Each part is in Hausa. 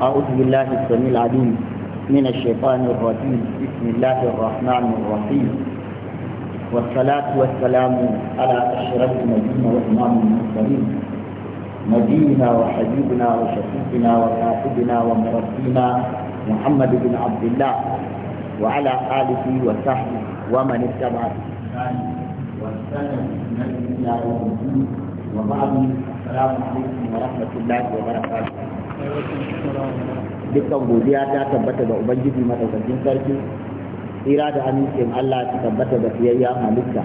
أعوذ بالله السميع العليم من الشيطان الرجيم بسم الله الرحمن الرحيم والصلاة والسلام على أشرف نبينا وإمام المرسلين نبينا وحبيبنا وشفيقنا وكاتبنا ومربينا محمد بن عبد الله وعلى آله وصحبه ومن اتبع وبعد السلام عليكم ورحمة الله وبركاته dukkan godiya ta tabbata da ubangiji madaukakin sarki tsira da amincin Allah ta tabbata da siyayya halitta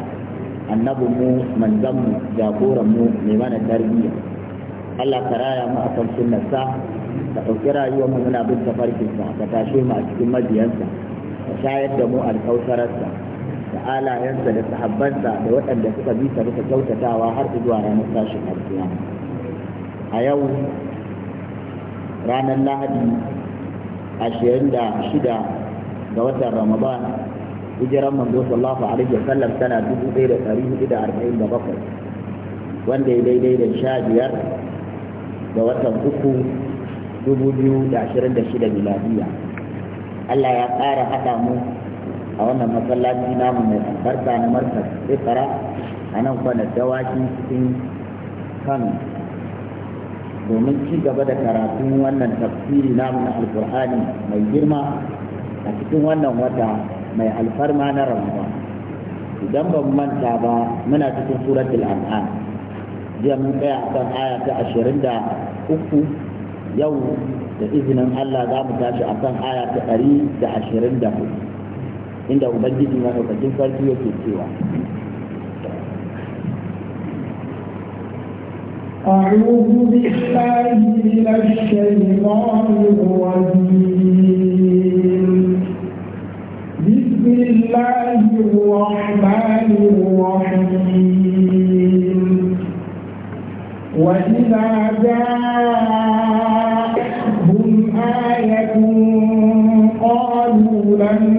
annabin mu manzan mu jagoran mu mai mana tarbiyya Allah ka raya mu a kan sunnarsa ka ɗauki rayuwar mu muna bin tafarkinsa ka tashe mu a cikin mabiyansa ka shayar da mu alkautararsa da alayensa da sahabbansa da waɗanda suka bi ta kyautatawa har zuwa ranar tashin alkiyama a yau ranar lahadi ashirin da shida ga watan ramadan hijiran manzo sallallahu alaihi wa sallam tana bakwai wanda ya daidai da sha biyar ga watan uku dubu biyu da da ashirin shida miladiya Allah ya ƙara haɗa mu a wannan masallaci namu mai albarka na markas tsifara a nan kwanar dawaki cikin kano domin ci gaba da karatun wannan tafsiri namu na alkur'ani mai girma a cikin wannan wata mai alfarma na ramadan idan ban manta ba muna cikin surat an'am jiya mun tsaya a kan aya ta ashirin da uku yau da izinin allah za mu tashi a kan aya ta ɗari da ashirin da hudu inda ubangiji maɗaukakin sarki yake cewa أعوذ بالله من الشيطان الرجيم بسم الله الرحمن الرحيم وإذا جاء جاءهم آية قالوا لن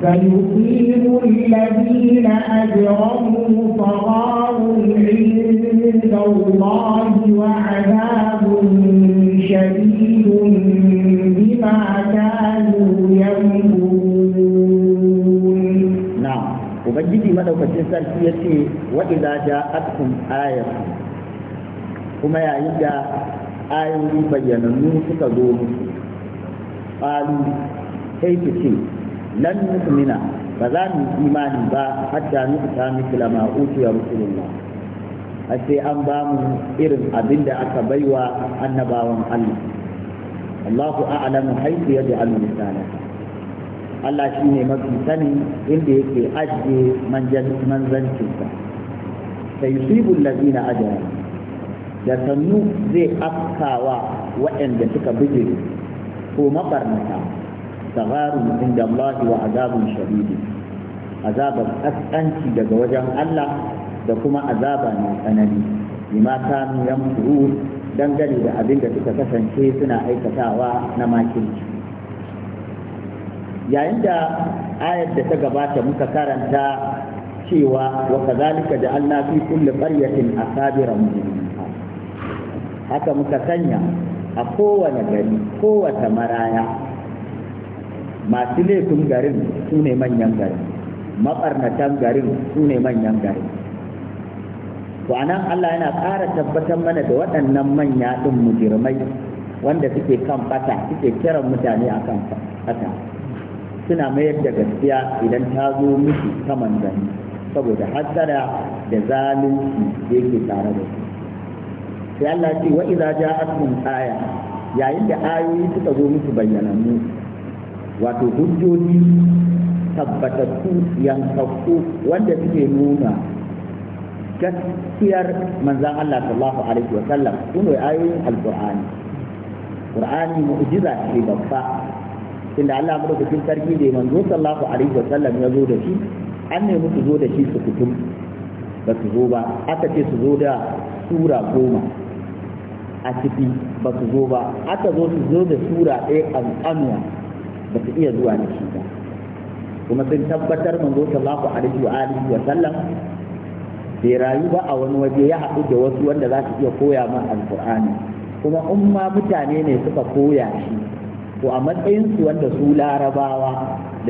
فيصيب الذين أجرموا صغار عند الله وعذاب شديد بما كانوا يمكرون نعم وبجدي مدى وكتنسان سيتي وإذا جاءتكم آية كما يعيد آية بيّننو سكذوه قالوا كيف تشيء lan nu'mina ba za mu imani ba hatta nu'ta mithla ma ya rasulullah sai an ba mu irin abin da aka baiwa annabawan Allah Allahu a'lamu haythu yaj'alu misala Allah shi ne mafi sani inda yake ajiye manzancinsa sai yusibul allazina ajra da sannu zai afkawa waɗanda suka buje ko mabarnata صغار عند الله وعذاب شديد عذاب أسأنتي daga wajen Allah da kuma azaba mai tsanani bima kanu yamkurun dangane da abin da suka kasance suna aikatawa na makirci yayin da ayar da ta gabata muka karanta cewa wa da Allah fi kulli qaryatin asabira mujrimin haka muka sanya a kowane gari kowace maraya masu laifin garin su ne manyan garin maɓarnatan garin su ne manyan garin to anan Allah yana ƙara tabbatar mana da waɗannan manya ɗin mujirmai wanda suke kan fata suke kiran mutane a kan fata suna mayar da gaskiya idan ta zo miki ta gani saboda hasara da zalunci da yake tare da su sai Allah ce wa idza ja'atkum aya yayin da ayoyi suka zo miki bayyanannu wato hujjoji tabbatattu yankakku wanda suke nuna gaskiyar manzan Allah sallallahu alaihi wa sallam kuma ayoyin alqur'ani qur'ani mu'jiza ce babba inda Allah cikin sarki da manzo sallallahu alaihi wa sallam ya zo da shi an nemi su zo da shi su fitum ba su zo ba aka ce su zo da sura goma a ciki ba su zo ba aka zo su zo da sura ɗaya ƙanƙanuwa ba iya zuwa da shi ba kuma sun tabbatar zo sallahu alaihi wa alihi wa sallam bai rayu ba a wani waje ya haɗu da wasu wanda za su iya koya min alƙur'ani kuma in ma mutane ne suka koya shi to a matsayin matsayinsu wanda su larabawa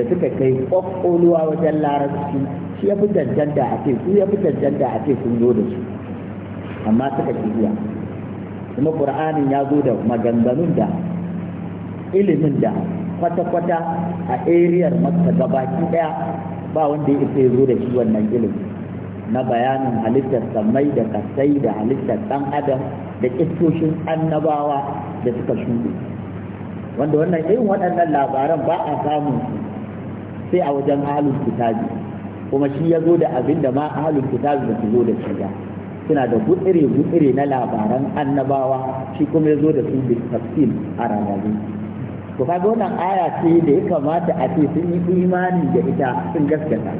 da suka kai ƙwaƙƙoluwa wajen larabci shi ya fi cancanta a ce su ya fi cancanta a ce sun zo da su amma suka ki zuwa kuma ƙur'anin ya zo da maganganun da ilimin da kwata-kwata a ariyar makka gabaki daya ba wanda ya isa zo da shi wannan ilimi na bayanin halittar samai da kasai da halittar dan adam da kistoshin annabawa da suka shuɗe wanda wannan irin waɗannan labaran ba a samun sai a wajen ahalul kitabi kuma shi ya zo da abin da ma halin kitabi ba su zo da shi suna da gutsire gutsire na labaran annabawa shi kuma ya zo da su da a ranaru to kaga wannan aya ce da ya kamata a ce sun yi imani da ita sun gaskata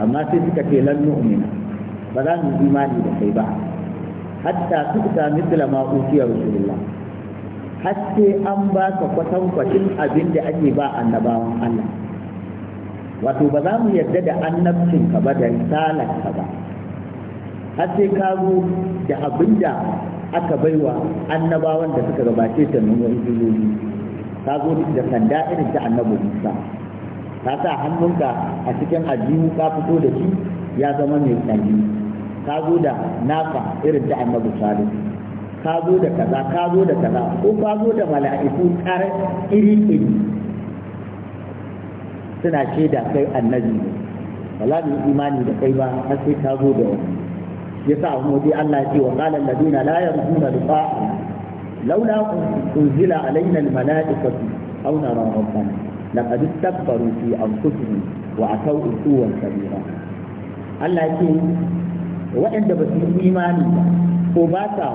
amma sai suka ce lan nu'mina ba za mu imani da kai ba hatta tukta mithla ma utiya rasulullah har sai an ba ka kwatankwacin abin da ake ba annabawan Allah wato ba za mu yarda da ka ba da ka ba har sai ka zo da abin da aka baiwa annabawan da suka gabace ta wani ijiyoyi ka zo da sanda irin ta annabi Musa ka sa hannunka a cikin ajiyu ka fito da shi ya zama mai tsalli ka zo da naka irin ta annabi Salim ka zo da kaza ka zo da kaza ko ka zo da mala'iku kar iri iri suna shaida kai annabi ne wala imani da kai ba har sai ka zo da wani yasa dai Allah ya ce wa qala alladina la yarjuna liqa'a laula unzila alaina almalaikatu aw nara rabbana laqad istakbaru fi anfusihim wa ataw usuwan kabira Allah ce waɗanda ba su yi imani ba ko ba sa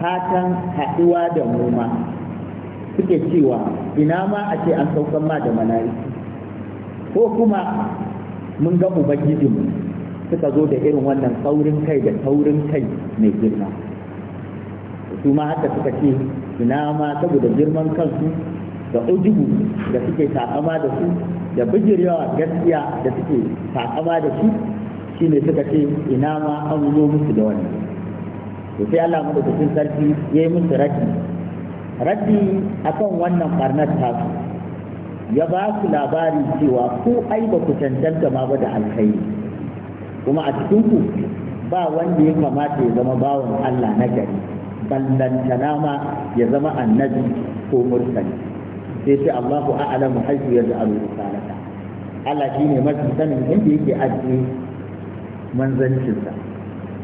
fatan haɗuwa da mu suke cewa ina ma a ce an saukan ma da mala'iku ko kuma mun ga ubangijinmu suka zo da irin wannan saurin kai da saurin kai mai girma su ma haka suka ce ina ma saboda girman kansu da ujubu da suke takama da su da bijirewa gaskiya da suke takama da su, shi ne suka ce ina ma an zo musu da wani. to sai Allah madaukakin sarki yayi musu raddi raddi akan wannan barnar tasu ya ba su labari cewa ku ai ba ku cancanta ma ba da alkhairi kuma a cikin ku ba wanda ya kamata ya zama bawan Allah na gari Kallon ma ya zama annabi ko mursali sai sai Allahu a'lamu haythu yaj'alu risalata Allah shine mafi sanin inda yake ajiye manzancinsa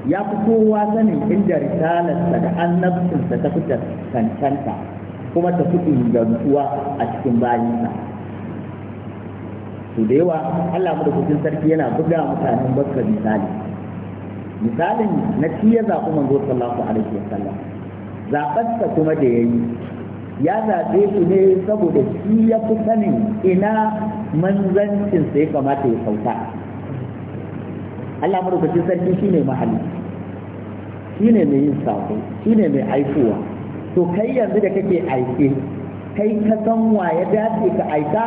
ya fi kowa sanin inda risalarsa da annabcinsa ta fita cancanta kuma ta fi ingantuwa a cikin bayinsa to da yawa Allah madaukakin sarki yana buga mutanen bakka misali misalin na ciye zaɓi manzo sallallahu alaihi wasallam zaɓarsa kuma da ya yi ya zaɓe su ne saboda shi ya fi sanin ina manzancinsa ya kamata ya sauka Allah marukacin sarki shi ne mahalli shi ne mai yin sako shi ne mai aikowa to kai yanzu da kake aike kai ka san wa ya dace ka aika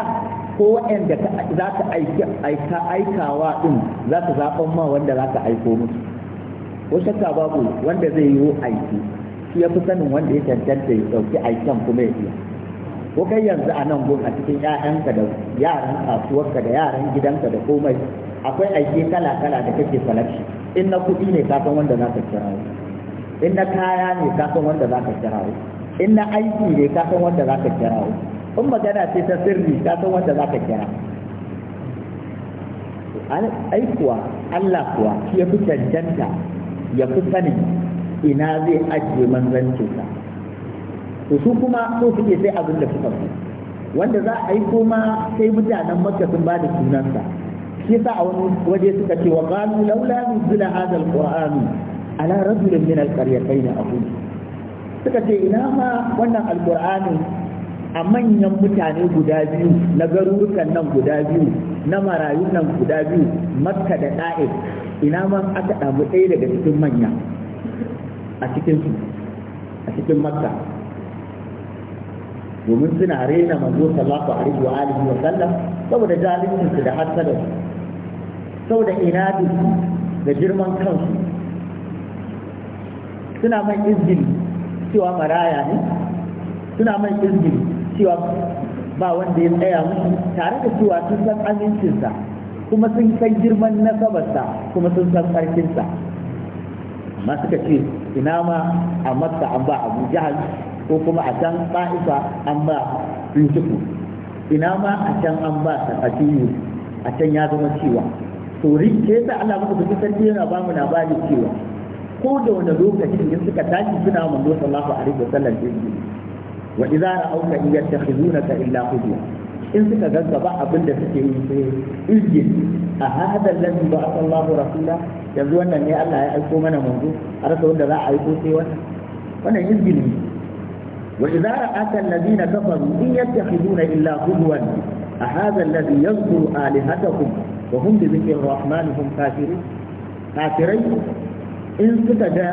ko waɗanda za ka aika aikawa ɗin za ka zaɓan ma wanda za ka aiko musu ko shakka babu wanda zai yi aiki shi ya fi sanin wanda ya cancanta ya ɗauki aikin kuma ya biya. ko kai yanzu a nan gona a cikin ƴaƴanka da yaran kasuwarka da yaran gidanka da komai akwai aiki kala kala da kake falashi in na kuɗi ne ka san wanda za ka kirawo in na kaya ne ka san wanda za ka kirawo in na aiki ne ka san wanda za ka kirawo in magana ce ta sirri ka san wanda za ka kira ai kuwa Allah kuwa shi ya fi cancanta ya fi sanin ina zai ajiye manzancinsa to su kuma so suke sai abin da suka fi wanda za a yi kuma sai mutanen makka sun ba da sunansa shi yasa a wani waje suka ce wa qalu laula nuzila hadha alquran ala rajul min alqaryatayn aqul suka ce ina ma wannan alqur'ani a manyan mutane guda biyu na garurukan nan guda biyu na marayun nan guda biyu makka da da'if ina ma aka ɗamu ɗaya daga cikin manya a cikin su a cikin makka domin suna rena manzo sallallahu alaihi wa alihi wa sallam saboda jalincin su da hasada su saboda inadi da girman kansu suna mai izgili cewa maraya ne suna mai izgili cewa ba wanda ya tsaya musu tare da cewa sun san amincinsa kuma sun san girman nasabarsa kuma sun san karfinsa amma suka ce ina ma a makka an ba abu jahal ko kuma a can ba'ifa an ba yusufu ina ma a can an ba sahabiyu a can ya zama cewa to rike ta Allah muka fi sarki yana ba mu labari cewa ko da wani lokaci in suka tashi suna manzo sallallahu alaihi wasallam din wa idza ra'awka nuna ka illa hudwa in suka ganka ba abin da suke yi sai izgin a hadal ladhi ba Allahu rasula yanzu wannan ne Allah ya aiko mana manzo a rasa wanda za a aiko sai wannan wannan izgin ne wa idza ra'aka alladhina kafaru in yattakhiduna illa hudwan a hadha alladhi yadhkuru alihatakum wa hum bi dhikri arrahman hum kafirun kafirai in suka ga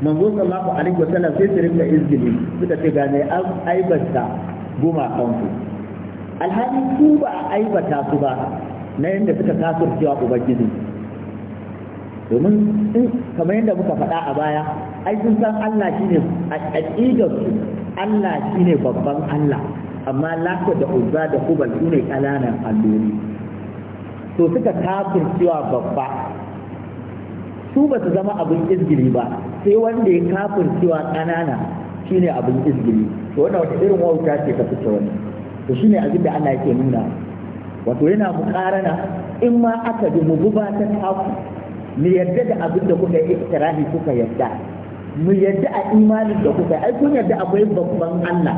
manzo sallallahu alaihi wasallam sai su rinka izgili suka ce ga ne an aibanta gumakanku alhali su ba a aibata su ba na yadda suka kasurcewa ubangiji domin in kamar yadda muka faɗa a baya ai sun san Allah shine a su Allah shine babban Allah amma lafiya da uzza da kubal su ne ƙananan alloli to suka cewa babba su ba su zama abin izgiri ba sai wanda ya kafin cewa ƙanana shine abin izgiri to wannan wata irin wauta ce ka fice wani to shine abin da Allah yake nuna wato yana mukarana in ma aka bi mu guba ta mu yadda da abin da kuka yi iktirahi kuka yadda mu yadda a imanin da kuka ai kun yadda akwai babban Allah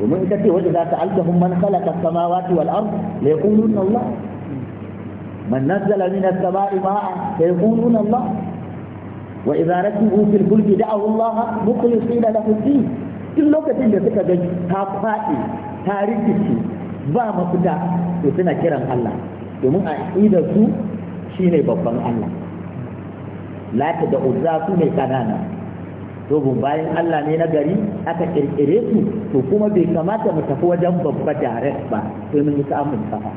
domin ita ce wanda za ta altahum man khalaqa samawati wal ard la yaquluna Allah man nazzala min as-sama'i ma'an la yaquluna Allah wa idza rakibu fil fulki da'u Allah mukhlisina lahu din duk lokacin da suka ga ta faɗi Tarihi su ba mafita to suna kiran Allah domin a su shine babban Allah lati da uzza su ne kanana to bayan Allah ne na gari aka kirkire su to kuma bai kamata mu tafi wajen babba direct ba sai mun yi samun kafa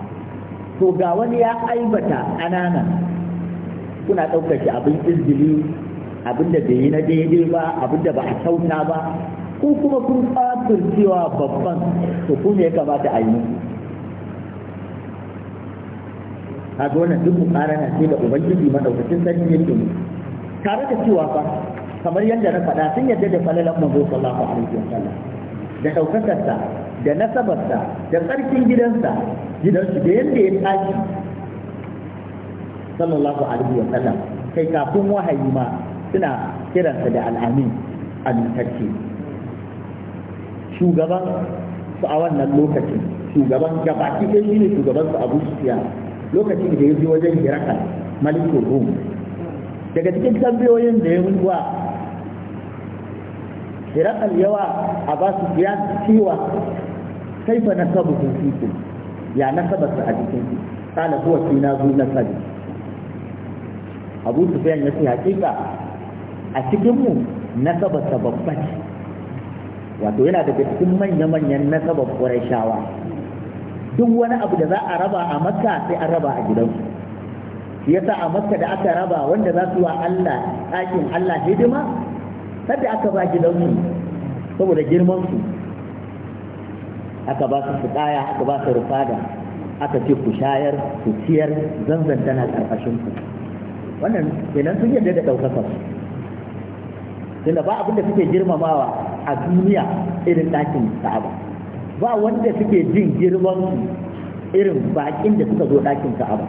to ga wani ya aibata anana kuna ɗaukar shi abin izgili abin da bai yi na daidai ba abin da ba a kyauta ba ko kuma kun kafir cewa babban su kuma ya kamata a yi a ga wannan duk na ce da ubangiji madaukakin sarki yake mu tare da cewa ba kamar yadda na faɗa sun yadda da falalan manzo sallallahu alaihi wasallam da daukakarsa da nasabarsa da tsarkin gidansa gidansu da yadda ya tashi sallallahu alaihi wasallam kai kafin wahayi ma suna kiransa da al'amin al-mutarki shugaban su a wannan lokacin shugaban gabaki ɗaya shi ne shugaban su abu siya lokacin da ya je wajen hiraka malikin rum daga cikin tambayoyin da ya wa hiraka yawa a ba su fiya cewa kai fa nasabu kun fiku ya nasaba su a cikin su kana kuwa shi na zu nasabi abu sufiyan ya ce hakika a cikin mu nasaba ta babba ce wato yana daga cikin manya-manyan nasabar shawa. duk wani abu da za a raba a makka sai an raba a gidansu shi yasa a makka da aka raba wanda za su wa Allah ɗakin Allah hidima sadda aka ba gidansu saboda girman su aka ba su fitaya aka ba su rufada aka ce ku shayar ku ciyar zanzan tana karkashin ku wannan kenan sun yarda da daukar su tunda ba abin da suke girmamawa a duniya irin ɗakin ka'aba ba wanda suke jin girman irin bakin da suka zo ɗakin ka'aba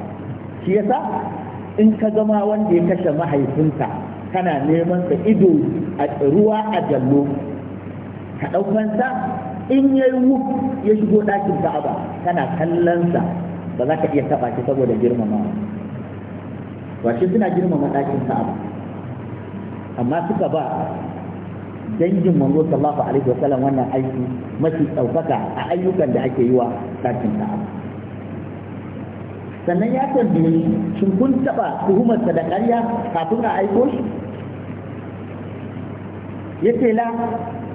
shi yasa in ka zama wanda ya kashe mahaifinka kana neman ka ido a ruwa a jallo ka ɗaukansa in ya yi wuf ya shigo ɗakin ka'aba kana kallonsa ba za ka iya taɓa shi saboda girmama ba shi suna girmama ɗakin ka'aba amma suka ba dangin manzo sallallahu alaihi wasallam wannan aiki mafi ɗaukaka a ayyukan da ake yi wa sakin ka'a sannan ya tambaye shin kun taɓa tuhumarsa da ƙarya kafin a aiko shi ya ce la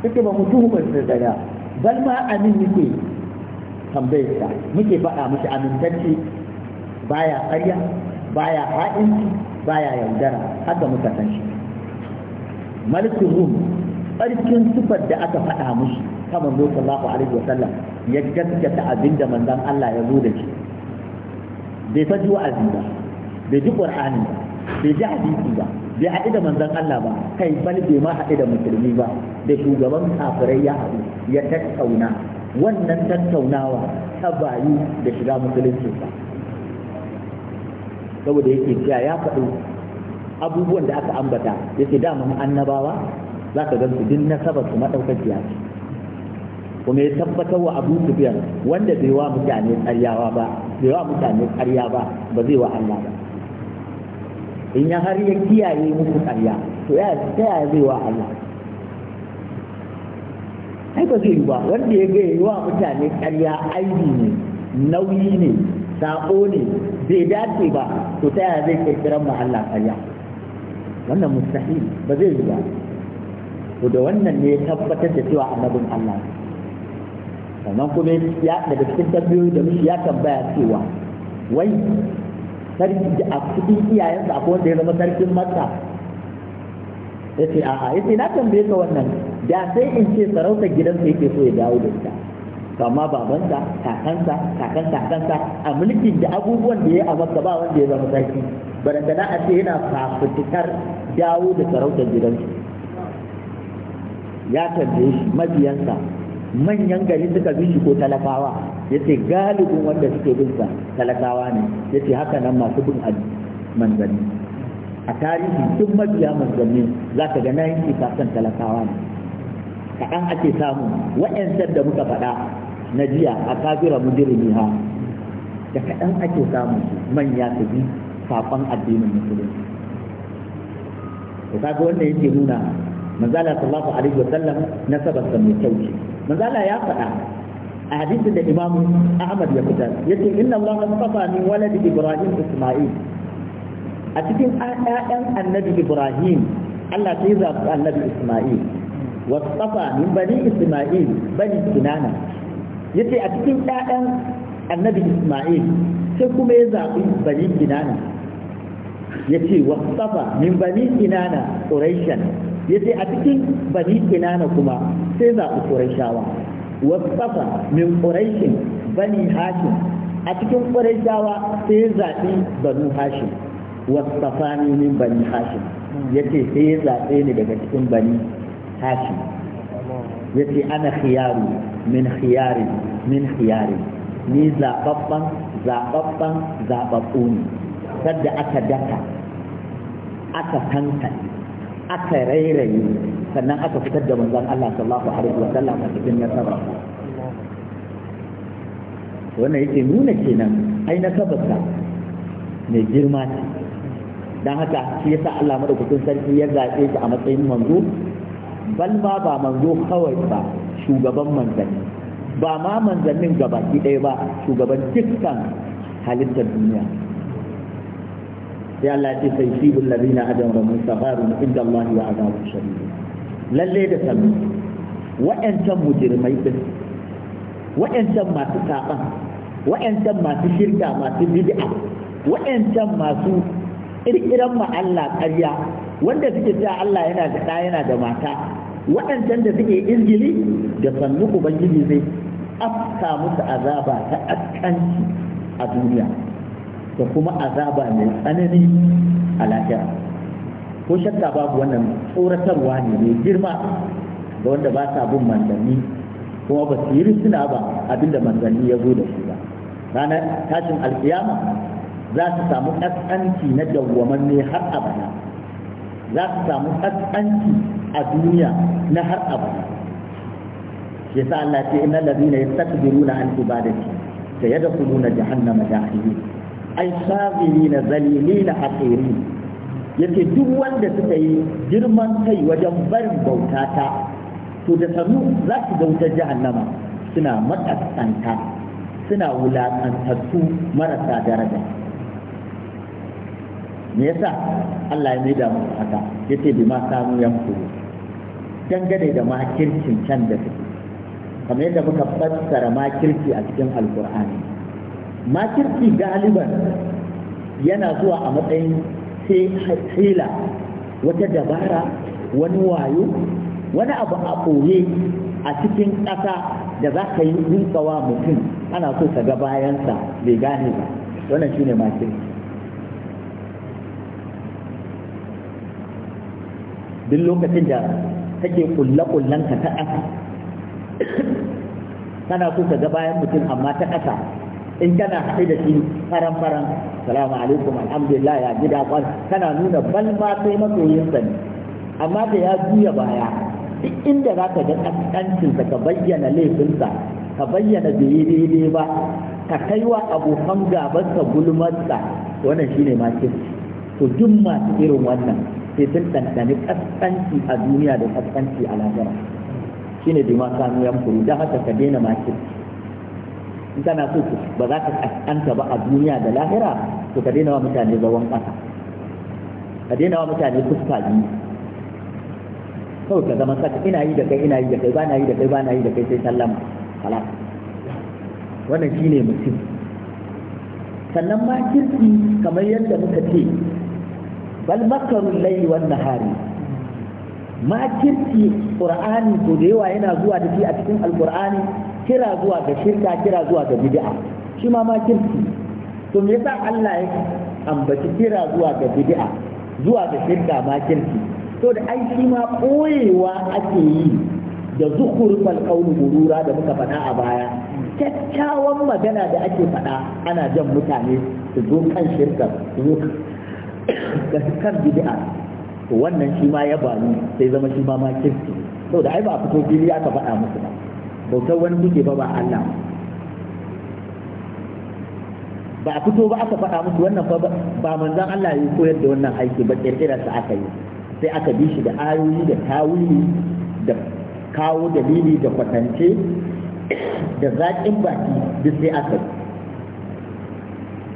yake ba mu tuhumarsa da ƙarya bal ma amin muke tambayarsa muke faɗa mushi amintacce baya ƙarya baya haɗinci baya yaudara haka muka san shi malikin rum tsarkin sifar da aka faɗa mushi ta manzo sallallahu alaihi wasallam ya gaskata abin da manzon Allah ya zo da shi bai faɗi wa'azi ba bai ji qur'ani ba bai ji hadisi ba bai haɗu da manzon Allah ba kai bal bai ma haɗu da musulmi ba da shugaban kafirai ya haɗu ya tattauna wannan tattaunawa ta bayu da shiga musulunci ba saboda yake cewa ya faɗo abubuwan da aka ambata yake da mun annabawa za ka gan su din nasabar su maɗaukakiya ce kuma ya tabbatar wa abu sufyan wanda bai wa mutane karyawa ba bai wa mutane karya ba ba zai wa Allah ba in ya har ya kiyaye muku karya to ya ta yaya zai wa Allah ai ba zai yi ba wanda ya ga wa mutane karya aibi ne nauyi ne sako ne bai dace ba to ta yaya zai kirkiran mu Allah karya wannan mustahil ba zai yi ba to da wannan ne tabbatar da cewa annabin Allah sannan kuma ya daga cikin tabbiyoyi da mishi ya tambaya cewa wai sarki da a cikin iyayensa akwai wanda ya zama sarkin Makka ya ce a'a ya ce na tambaye ka wannan da sai in ce sarautar gidansa yake so ya dawo da ita to amma babansa kakansa kakan kakansa a mulkin da abubuwan da ya a Makka ba wanda ya zama sarki barantana a ce yana fafutukar dawo da sarautar gidansa ya tambaye shi mabiyansa manyan gari suka bi shi ko talakawa ya ce galibin wanda suke bin sa talakawa ne ya ce haka nan masu bin manzanni a tarihi duk mabiya manzanni za ka ga 90% talakawa ne kaɗan ake samu wa'yancan da muka faɗa na jiya a kafira mudirimi ha da kaɗan ake samu manya su bi saƙon addinin musulunci. Ka ga wanda yake nuna manzala sallallahu alaihi wa sallam nasabar sa mai kyau ce manzala ya faɗa a hadisin da imamu ahmad ya fitar yace inna allaha astafa min waladi ibrahim isma'il a cikin ƴaƴan annabi ibrahim Allah ta yi zaɓi annabi isma'il wasafa min bani isma'il bani kinana yace a cikin ƴaƴan annabi isma'il sai kuma ya zaɓi bani kinana yace tsafa min bani kinana ya yace a cikin bani kinana kuma sai zaɓi wa tsafa min quraishin bani hashin a cikin quraishawa sai zaɓi banu wa tsafa min bani ya yace sai ya zaɓe ni daga cikin bani ya yace ana khiyaru min khiyari min khiyari ni zaɓaɓɓan, zaɓaɓɓan, zababbu ne da aka daka aka hankali aka rairaye sannan aka fitar da manzan Allah sallallahu alaihi wa sallam a cikin nasara wannan yake nuna kenan ai nasabarsa mai girma ce don haka shi yasa Allah madaukakin sarki ya zaɓe shi a matsayin manzo bal ma ba manzo kawai ba shugaban manzanni ba ma manzannin gabaki ɗaya ba shugaban dukkan halittar duniya sai Allah ce sai sibul ladina ajramu safarun inda Allah wa azabun shadid lalle da sanu wa'ancan mujirmai din wa'ancan masu saban wa'ancan masu shirka masu bid'a wa'ancan masu kirkiran ma Allah ƙarya wanda suke cewa Allah yana da ɗa yana da mata waɗancan da suke izgili da sannu ubangiji zai afka musu azaba ta askanci a duniya da kuma azaba mai tsanani a lahira ko shakka babu wannan tsoratarwa ne mai girma ga wanda ba sa bin manzanni kuma ba su yi risina ba abinda manzanni ya zo da shi ba ranar tashin alkiyama za su samu ƙasƙanci na dawwamanne har abada za su samu ƙasƙanci a duniya na har abada Ya sa Allah ce innal ladina na an ibadati na jahannama dakhilin ai na zalili na hakiri yace duk wanda suka yi girman kai wajen barin bautata to da sanu za su ga wutar jahannama suna makaskanta suna wulakantattu marasa daraja me yasa Allah ya mai da mu haka yace bi ma samu yanku dangane da makircin can da suke kamar yadda muka fassara makirci a cikin alkur'ani makirci galiban yana zuwa a matsayin hila wata dabara wani wayo wani abu a ɓoye a cikin ƙasa da za ka yi rinkawa mutum ana so ka ga bayansa bai gane ba wannan ne makirci duk lokacin da take kulle-kullenka ta ƙasa kana so ka ga bayan mutum amma ta ƙasa in kana haɗe da shi faran faran salamu alaikum alhamdulillah ya gida kwan kana nuna ban ma kai masoyin sa ne amma da ya juya baya duk inda za ka ga ƙasƙancinsa ka bayyana laifinsa ka bayyana bai daidai ba ka kai wa abokan gabansa gulmarsa wannan shine ma to duk masu irin wannan sai sun ɗanɗani ƙasƙanci a duniya da ƙasƙanci a lahira shine bi ma kanu yan haka ka daina ma in kana so ba za ka kaskanta ba a duniya da lahira to ka daina wa mutane zawon ƙasa ka daina wa mutane fuska biyu kawai ka zama saka ina yi da kai ina yi da kai ba na yi da kai ba na yi da kai sai sallama kala wannan shine mutum sannan ma kirki kamar yadda muka ce bal makarun laili wan nahari ma kirki qur'ani ko da yawa yana zuwa da shi a cikin alqur'ani kira zuwa ga shirka kira zuwa ga bid'a shi ma ma kirki to me yasa Allah ya ambaci kira zuwa ga bid'a zuwa ga shirka ma kirki to da ai shi ma koyewa ake yi da fal qawl murura da muka faɗa a baya kyakkyawan magana da ake faɗa ana jan mutane su zo kan shirka su zo kan bid'a wannan shi ma ya bani sai zama shi ma ma kirki da ai ba a fito fili aka faɗa musu ba bautar wani kuke ba ba Allah ba a fito ba aka faɗa musu wannan fa ba manzan Allah ya koyar da wannan aiki ba sa aka yi sai aka bi shi da ayoyi da tawili da kawo dalili da kwatance da zaƙin baki duk sai aka yi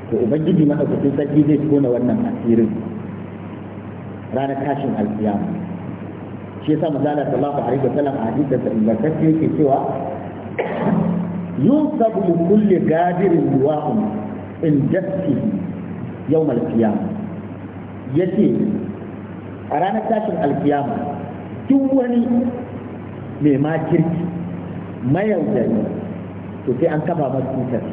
to ubangiji maɗaukakin sarki zai tona wannan asirin ranar tashin alkiyama shi yasa manzala sallallahu alaihi wasallam a hadisin da ingantacce yake cewa yusabu li kulli gadirin duwa'un in jassihi yawm al-qiyamah yace a ranar tashin alkiyama duk wani mai makirki mayaudari to sai an kafa masu cutar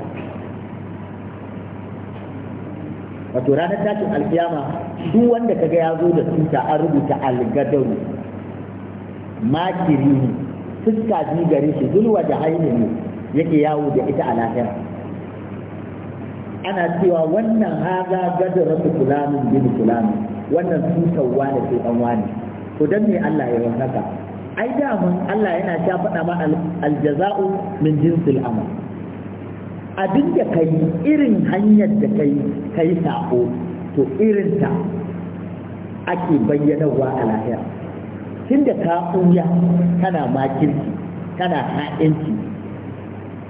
wato ranar tashin alkiyama duk wanda kaga ya zo da tuta an rubuta algadaru makiri ne fuska ji gare shi zulwa da haini ne yake yawo da ita a lahira ana cewa wannan haza gadar rasu kulamin bin kulamin wannan tutar wani ke dan wani to dan me Allah ya ai da mun Allah yana ta faɗa ma aljaza'u min jinsil amal abin da kai irin hanyar da kai kai sako to irin ta ake bayyanawa a lahira tun da ka ɓuya kana makirki kana ha'inci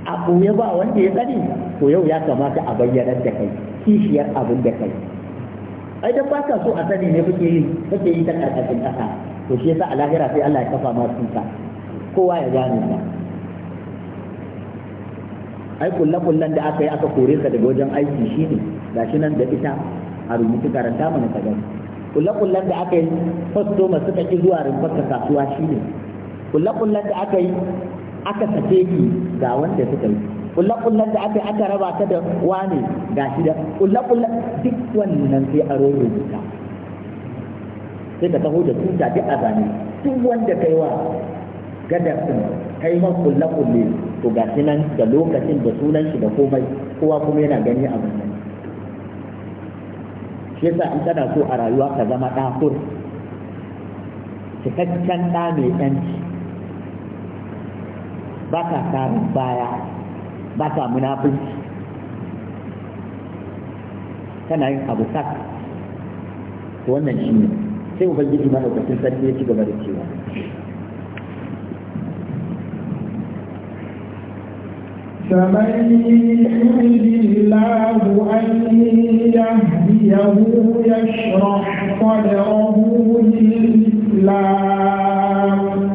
a ɓuya ba wanda ya tsari to yau ya kamata a bayyanar da kai kishiyar abin da kai ai da baka so a sani ne kuke yi kuke yi ta karkashin ƙasa to shi yasa a lahira sai Allah ya kafa ma tuta kowa ya gane ka ai kullakullan da aka yi aka kore ka daga wajen aiki shine gashi nan da ita a rubutu karanta mana ka gani kullakullan da aka yi kwastoma suka ƙi zuwa rumfarka kasuwa shi ne kullakullan da aka yi aka sake ki ga wanda suka yi kullakullan da aka yi aka raba ta da wane ga shi da kullakullan duk wannan sai a rubuta sai ka taho da tuta duk a zane duk wanda kai wa gadar sun kai man kullakulle to ga nan da lokacin da sunan shi da komai kowa kuma yana gani a wannan yasa in kana so a rayuwa ka zama ɗafur cikakken ɗa mai ƴanci ba ka karin baya ba ka munafunci kana yin abu sak wannan shi ne sai ubangiji maɗaukacin sarki ya ci gaba da cewa فمن يريد الله أن يهديه يشرح صدره للإسلام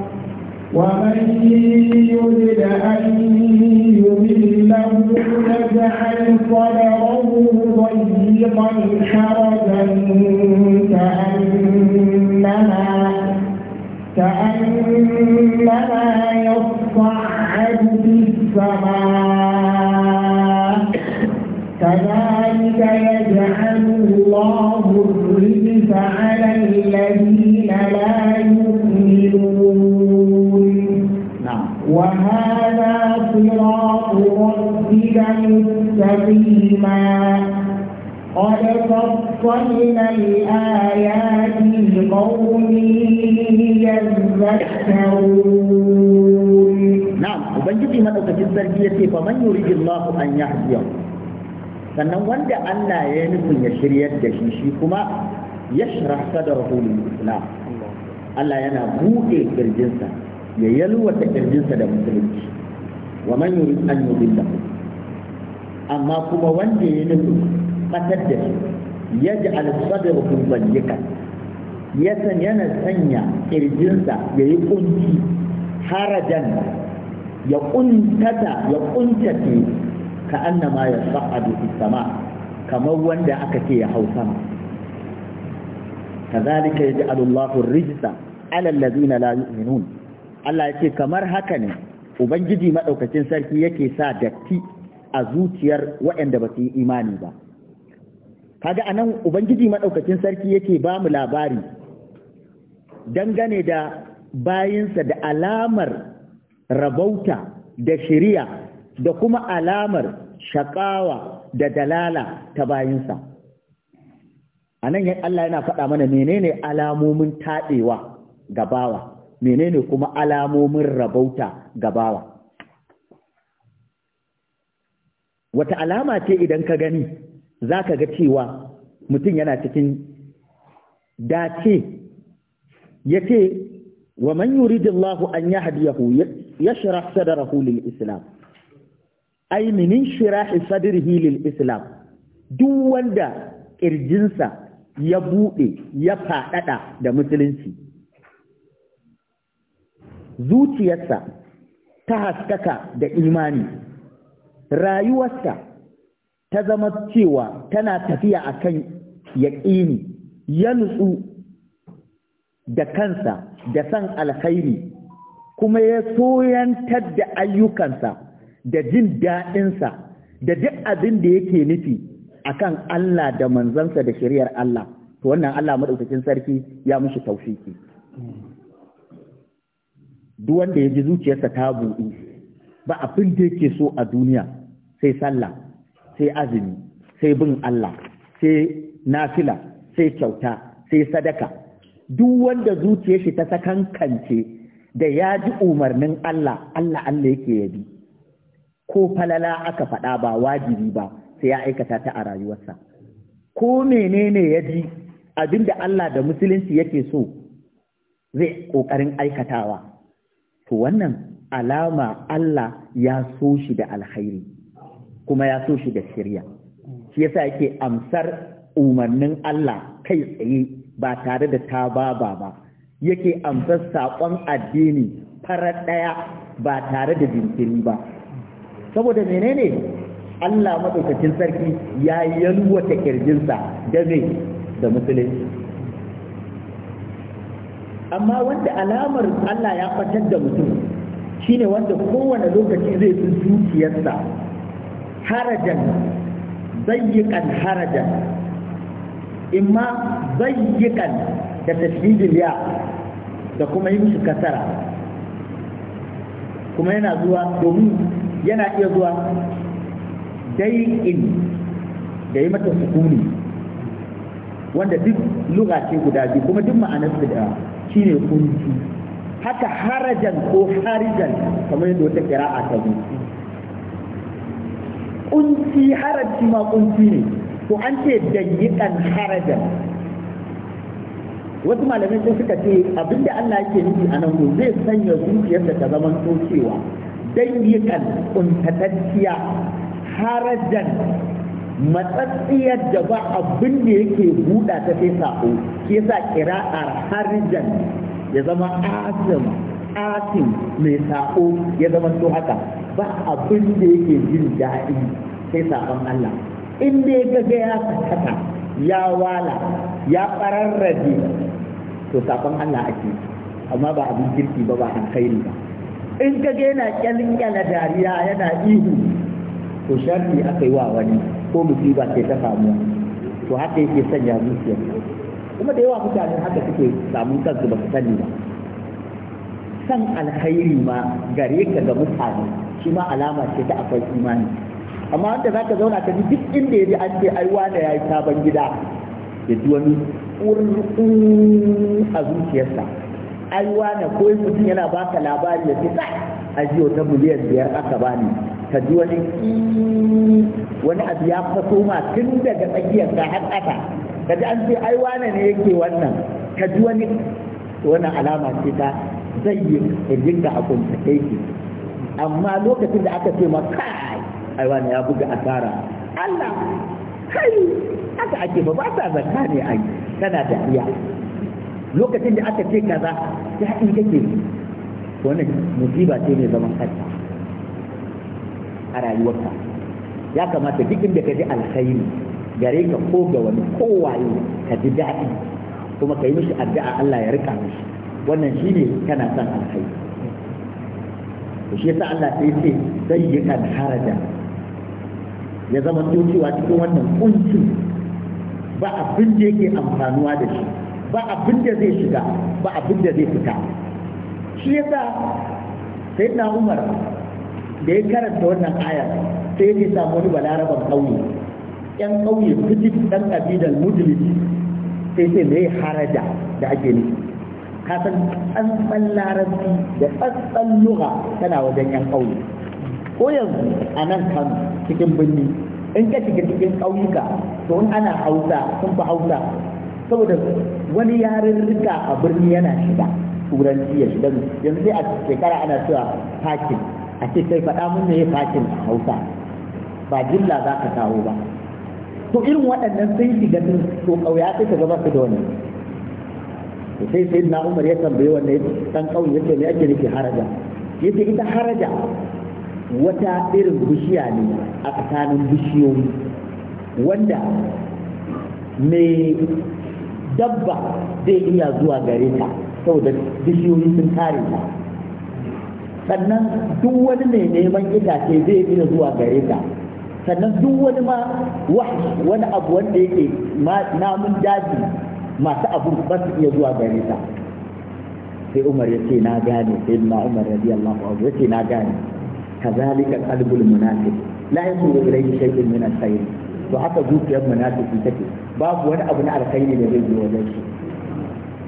ومن يرد أن يضله يجعل صدره ضيقا حرجا كأنما كأنما يصعد يجعل في السماء كذلك يجعل الله الرجس على الذين لا يؤمنون نعم. وهذا صراط ربك مستقيما قد فصلنا الآيات لقوم يذكرون ubangiji madaukakin sarki ya ce fa man yuridillahu an ya yahdiya sannan wanda Allah ya nufin ya shiryar da shi shi kuma ya yashrah sadrahu lil islam Allah yana buɗe kirjinsa ya yalwata kirjinsa da musulunci wa man yurid an yudillahu amma kuma wanda ya nufin batar da shi yaj'al sadrahu dayyikan ya san yana sanya kirjinsa yayi kunci harajan ya kuntata ya kuntace ka annama ya sa'adu fi sama kamar wanda aka ce ya hau sama kazalika yaj'alu Allahu rijsa 'ala alladhina la yu'minun Allah yake kamar haka ne ubangiji madaukakin sarki yake sa datti a zuciyar waɗanda ba su yi imani ba kaga anan ubangiji madaukakin sarki yake ba mu labari dangane da bayinsa da alamar rabauta da shiriya da kuma alamar shakawa da dalala ta bayansa a nan Allah yana faɗa mana menene alamomin taɗewa gabawa? bawa menene kuma alamomin rabauta ga bawa wata alama ce idan ka gani za ka ga cewa mutum yana cikin dace ya ce wa man yuridillahu an hadiyahu. yashrah sadrahu lil islam ay min shirah sadrihi lil islam duk wanda kirjinsa ya bude ya fadada da musulunci zuciyarsa ta haskaka da imani rayuwarsa ta zama cewa tana tafiya akan yaƙini ya nutsu da kansa da san alkhairi kuma ya soyantar da ayyukansa da jin daɗinsa da duk abin da yake nufi akan Allah da manzansa da shari'ar Allah to wannan Allah maɗaukacin sarki ya mushi taufiki duk wanda ya ji zuciyarsa ta buɗe, ba abin da yake so a duniya sai sallah sai azumi sai bin Allah sai nafila sai kyauta sai sadaka duk wanda zuciyar shi ta sakankance da ya ji umarnin Allah Allah Allah yake yabi ko falala aka faɗa ba wajibi ba sai ya aikata ta a rayuwarsa ko menene ya ji abin da Allah da musulunci yake so zai ƙoƙarin aikatawa to wannan alama Allah ya so shi da alhairi kuma ya so shi da shirya shi yasa yake amsar umarnin Allah kai tsaye ba tare da ta ba ba yake amsar saƙon addini farar ɗaya ba tare da jinkiri ba saboda menene Allah maɗaukakin sarki ya yalwata kirjinsa da me da musulunci amma wanda alamar Allah ya fatar da mutum shine wanda kowane lokaci zai fi zuciyarsa harajan zayyikan harajan imma zayyikan da tashdidil ya da kuma yi musu kasara kuma yana zuwa domin yana iya zuwa dai'in da yi mata sukuni wanda duk lura ce guda biyu kuma duk ma'anar su da ne kunci haka harajan ko harijan kamar yadda wata kira a tabi kunci haraji ma kunci ne to an ce dayyikan harajan wasu malamai sun suka ce abinda Allah yake nufi a nan zai sanya zuciyarsa ta zama sokewa. Dangikan dayyikan kuntatacciya harajan matsatsiyar da ba abin da yake buɗa ta sai sako sa yasa kira'ar harajan ya zama asim asim mai sako ya zama to haka ba abin da yake jin daɗi sai sakon Allah in dai ga ya sakata ya wala ya ƙararrabe to sakon Allah ake amma ba abin kirki ba ba alkhairi ba in ka ga yana kyalkyala dariya yana ihu to sharti aka yi wa wani ko musiba ce ta samu to haka yake sanya zuciya kuma da yawa mutane haka suke samu kansu ba su sani ba san alkhairi ma gare ka ga mutane shi ma alama ce ta akwai imani amma wanda zaka zauna ka ji duk inda ya ji an ce ai wane yayi sabon gida ya ji wani ƙurƙun a zuciyarsa ai wane ko mutum yana baka labari ya ce kai ajiyo ta miliyan biyar aka bani ka ji wani wani abu ya faso ma tun daga tsakiyar ka har ƙasa ka ji an ce ai wane ne yake wannan ka ji wani alama ce ta zai yi jinka a kuntace shi amma lokacin da aka ce ma kai ai wane ya buga asara Allah kai haka ake ba ba sa zakka ne a yi. tana iya lokacin da aka ce kaza ya in kake wannan musiba ce ne zaman kanta a rayuwarka ya kamata duk inda ka ji alkhairi gare ka ko ga wani kowaye ka ji daɗi kuma ka yi mishi addu'a Allah ya rika mishi wannan shi ne kana son alkhairi shi yasa Allah sai ce kan harajan ya zama cewa cikin wannan kuncin ba abin da yake amfanuwa da shi ba abin da zai shiga ba abin da zai fita shi ya sa, sai na umar da ya karanta wannan aya sai ya samu wani balaraban ƙauye yan ƙauye fitif ɗan ƙabilar mujlis sai sai mai haraja da ake nufi ka san tsantsan larabci da tsantsan luha tana wajen yan ƙauye ko yanzu a nan kan cikin birni in ka shiga cikin ƙauyuka to in ana hausa sun fi hausa saboda wani rika a birni yana shiga turanci ya shiga yanzu sai a shekara ana cewa fakin a ce kai faɗa mun ne fakin a hausa ba jilla za ka kawo ba to irin waɗannan sai shiga sun to ƙauya sai ka gaba su da wani sai sai na umar ya tambaye wannan ɗan ƙauye ya ce me ake nufi haraja yace ita haraja wata irin bishiya ne a tsakanin bishiyoyi wanda mai dabba zai iya zuwa gare ta saboda bishiyoyi sun kare ta sannan duk wani mai neman itace zai iya zuwa gare ta sannan duk wani ma wahashi wani abu wanda yake namun daji masu abu ba su iya zuwa gare ta sai umar ya ce na gane sai na umar radiyallahu anhu ya ce na gane kazalika qalbul munafiq la yasuru ilayhi shay'un min al-khair to haka zuciyar munafiki take babu wani abu na alkhairi da zai zo wajen shi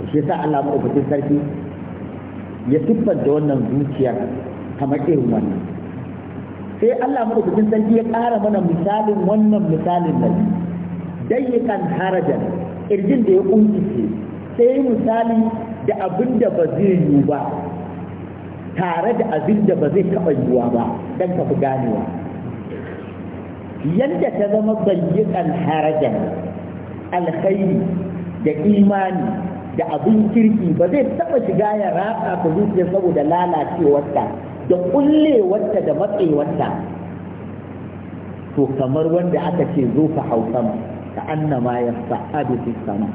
shi yasa Allah madaukakin sarki ya siffanta wannan zuciyar kamar irin wannan sai Allah madaukakin sarki ya ƙara mana misalin wannan misalin nan dayyakan harajan ƙirjin da ya kungice sai misali da abin da ba zai yiwu ba tare da abin da ba zai taɓa yiwuwa ba don ka fi ganewa yadda ta zama bayyakan harajan alkhairi da imani da abin kirki ba zai taɓa shiga ya ratsa ta zuciya saboda lalacewarta da kullewarta da matsewarta to kamar wanda aka ce zo ka hau sama ka annama ya sa'adu fi sama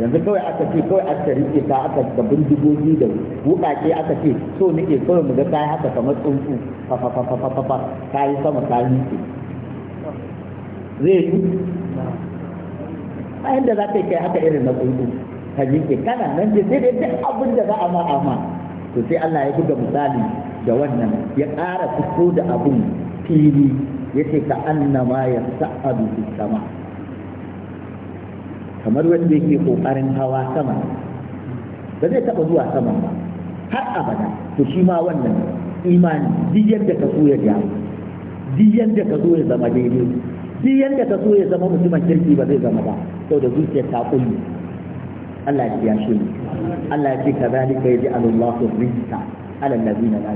yanzu kawai aka ce kawai aka rike ta aka da bindigogi da wukake aka ce so nake kawai mu ga kai haka kamar tsuntsu fa fa fa fa fa fa kai sama kai nike zai yi bayan da za ka yi kai haka irin na tsuntsu ka ke kana nan je sai dai duk abin da za a ma a ma to sai Allah ya buga misali da wannan ya ƙara fito da abun fili ce ka annama ya sa'adu fi sama' kamar wanda yake kokarin hawa sama ba zai taɓa zuwa sama ba har abada to shi ma wannan imani duk yadda ka so ya ja duk yadda ka so ya zama daidai duk yadda ka so ya zama musulman kirki ba zai zama ba saboda zuciyar ta kullu Allah ya kiya shi Allah ya ce kadhalika yaj'alu Allahu rizqa ala allazina la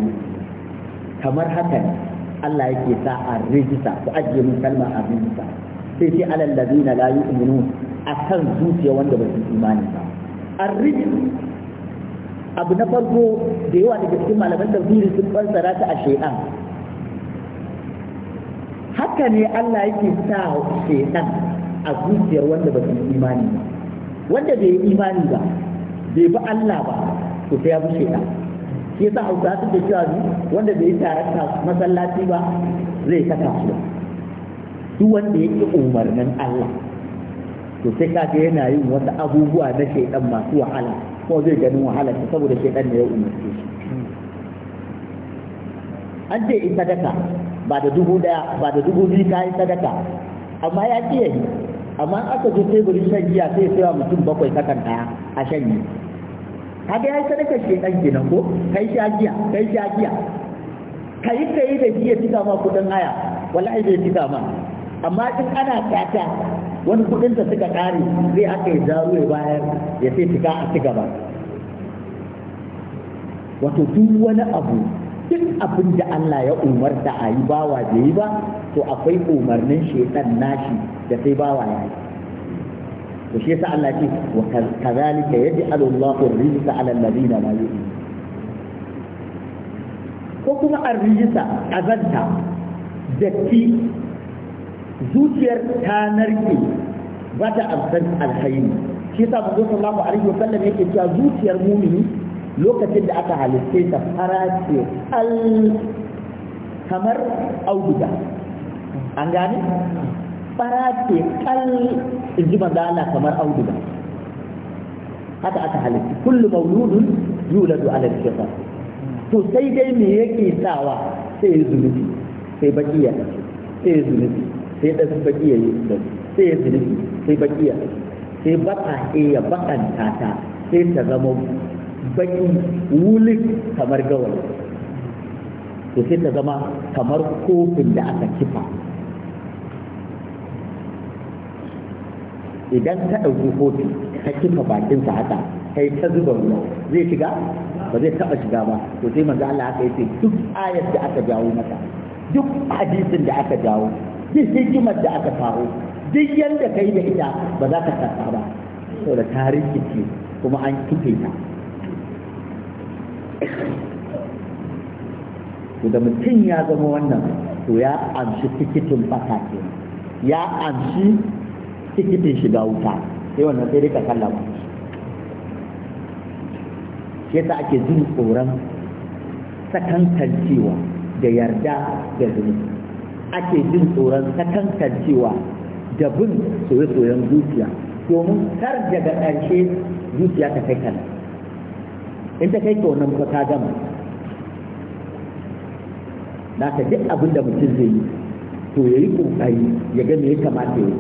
kamar haka Allah yake sa a rizqa ku ajiye mun kalma a rizqa sai ce alal ladina la yu'minun akan zuciya wanda ba su imani ba arrij abu na farko da yawa daga cikin malaman tafsiri sun fassara ta a shaytan haka ne Allah yake sa shaytan a zuciyar wanda ba su imani ba wanda bai imani ba bai bi Allah ba to sai ya bi shaytan shi yasa Hausa suke cewa wanda bai yi tarar masallaci ba zai kasa shi ba duk wanda ya ƙi umarnin Allah to sai kaga yana yin wasu abubuwa na shaidan masu wahala ko zai ganin wahala ta saboda shaidan ne ya umarce shi an ce in sadaka ba da dubu daya ba da dubu biyu ka yi sadaka amma ya ce yi amma aka zo teburin shan giya sai sai wa mutum bakwai sakan daya a shan yi kaga ya yi sadaka shaidan kenan ko kai sha giya kai sha giya kai kai da giya tuka ma kudin haya wallahi zai tuka ma amma in ana tata wani kudin da suka kare zai aka yi zaru ya bayar ya sai tuka a ci gaba wato duk wani abu duk abin da Allah ya umarta a yi bawa da yi ba to akwai umarnin shaitan nashi da sai bawa ya yi to shi yasa Allah ce wa kazalika yaj'alu Allahu rizqa 'ala alladina la yu'minu ko kuma arrijisa azanta datti zuciyar ta narke ba ta amsan alhaini shi sa manzo sallallahu alaihi wa sallam yake cewa zuciyar mumini lokacin da aka halitta ta fara ce al kamar auduga an gane fara ce kal inji manzo Allah kamar auduga haka aka halitta kullu mauludun yuladu ala al-fitra to sai dai me yake sawa sai zunubi sai bakiya sai zunubi sai ɗan baki ya yi da sai ya zini sai baki ya sai baka ya bakanta ta sai ta zama baki wulik kamar gawayi to sai ta zama kamar kofin da aka kifa idan ka ɗauki kofi ka kifa bakinsa haka kai ta zuba ruwa zai shiga ba zai taɓa shiga ba to sai manzo Allah yi yace duk ayat da aka jawo mata duk hadisin da aka jawo duk hikimar da aka faru duk yadda kai da ita ba za ka karɓa ba saboda tarihi ce kuma an kife ta to da mutum ya zama wannan to ya amshi tikitin fata ke ya amshi tikitin shiga wuta sai wannan sai rika sallama shi yasa ake jin tsoron sakankancewa da yarda da zunubi ake jin tsoron sakankancewa da bin soye-soyen zuciya domin kar daga ƙarshe zuciya ta kai kana in ta kai wannan ko ta gama na ta duk abin da mutum zai yi to ya yi ƙoƙari ya ga ya kamata ya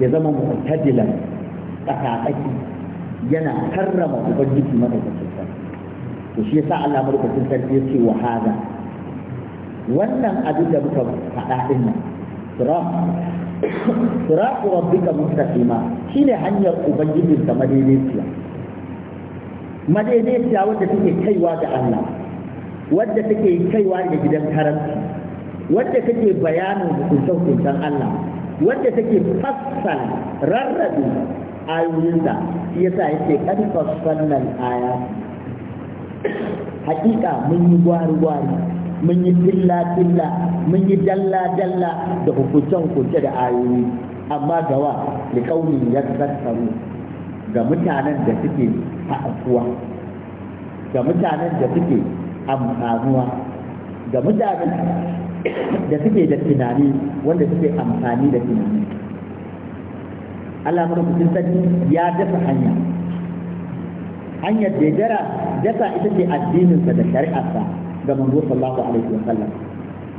ya zama mu'tadilan tsakatsaki yana karrama ubangiji madaukakin to shi yasa Allah madaukakin sarki ya ce wa haza wannan abin da muka faɗa ɗin nan sirat rabbika mustaqima shine hanyar ubangijin ta madaidaiciya madaidaiciya wadda take kaiwa ga Allah wadda take kaiwa ga gidan karanci wadda take bayanin hukuncen Allah wadda take fassara rarrabe ayoyin da yasa yake kan fassalan aya hakika mun yi gwari-gwari mun yi dilla dilla mun yi dalla dalla da hukunce hukunce da ayoyi amma gawa da kaunin ya tsakaru ga mutanen da suke ta'afuwa ga mutanen da suke amfanuwa ga mutanen da suke da tunani wanda suke amfani da tunani Allah madaukakin sani ya dafa hanya hanyar da ya dasa ita ce addininsa da shari'arsa ga manzo sallallahu alaihi wa sallam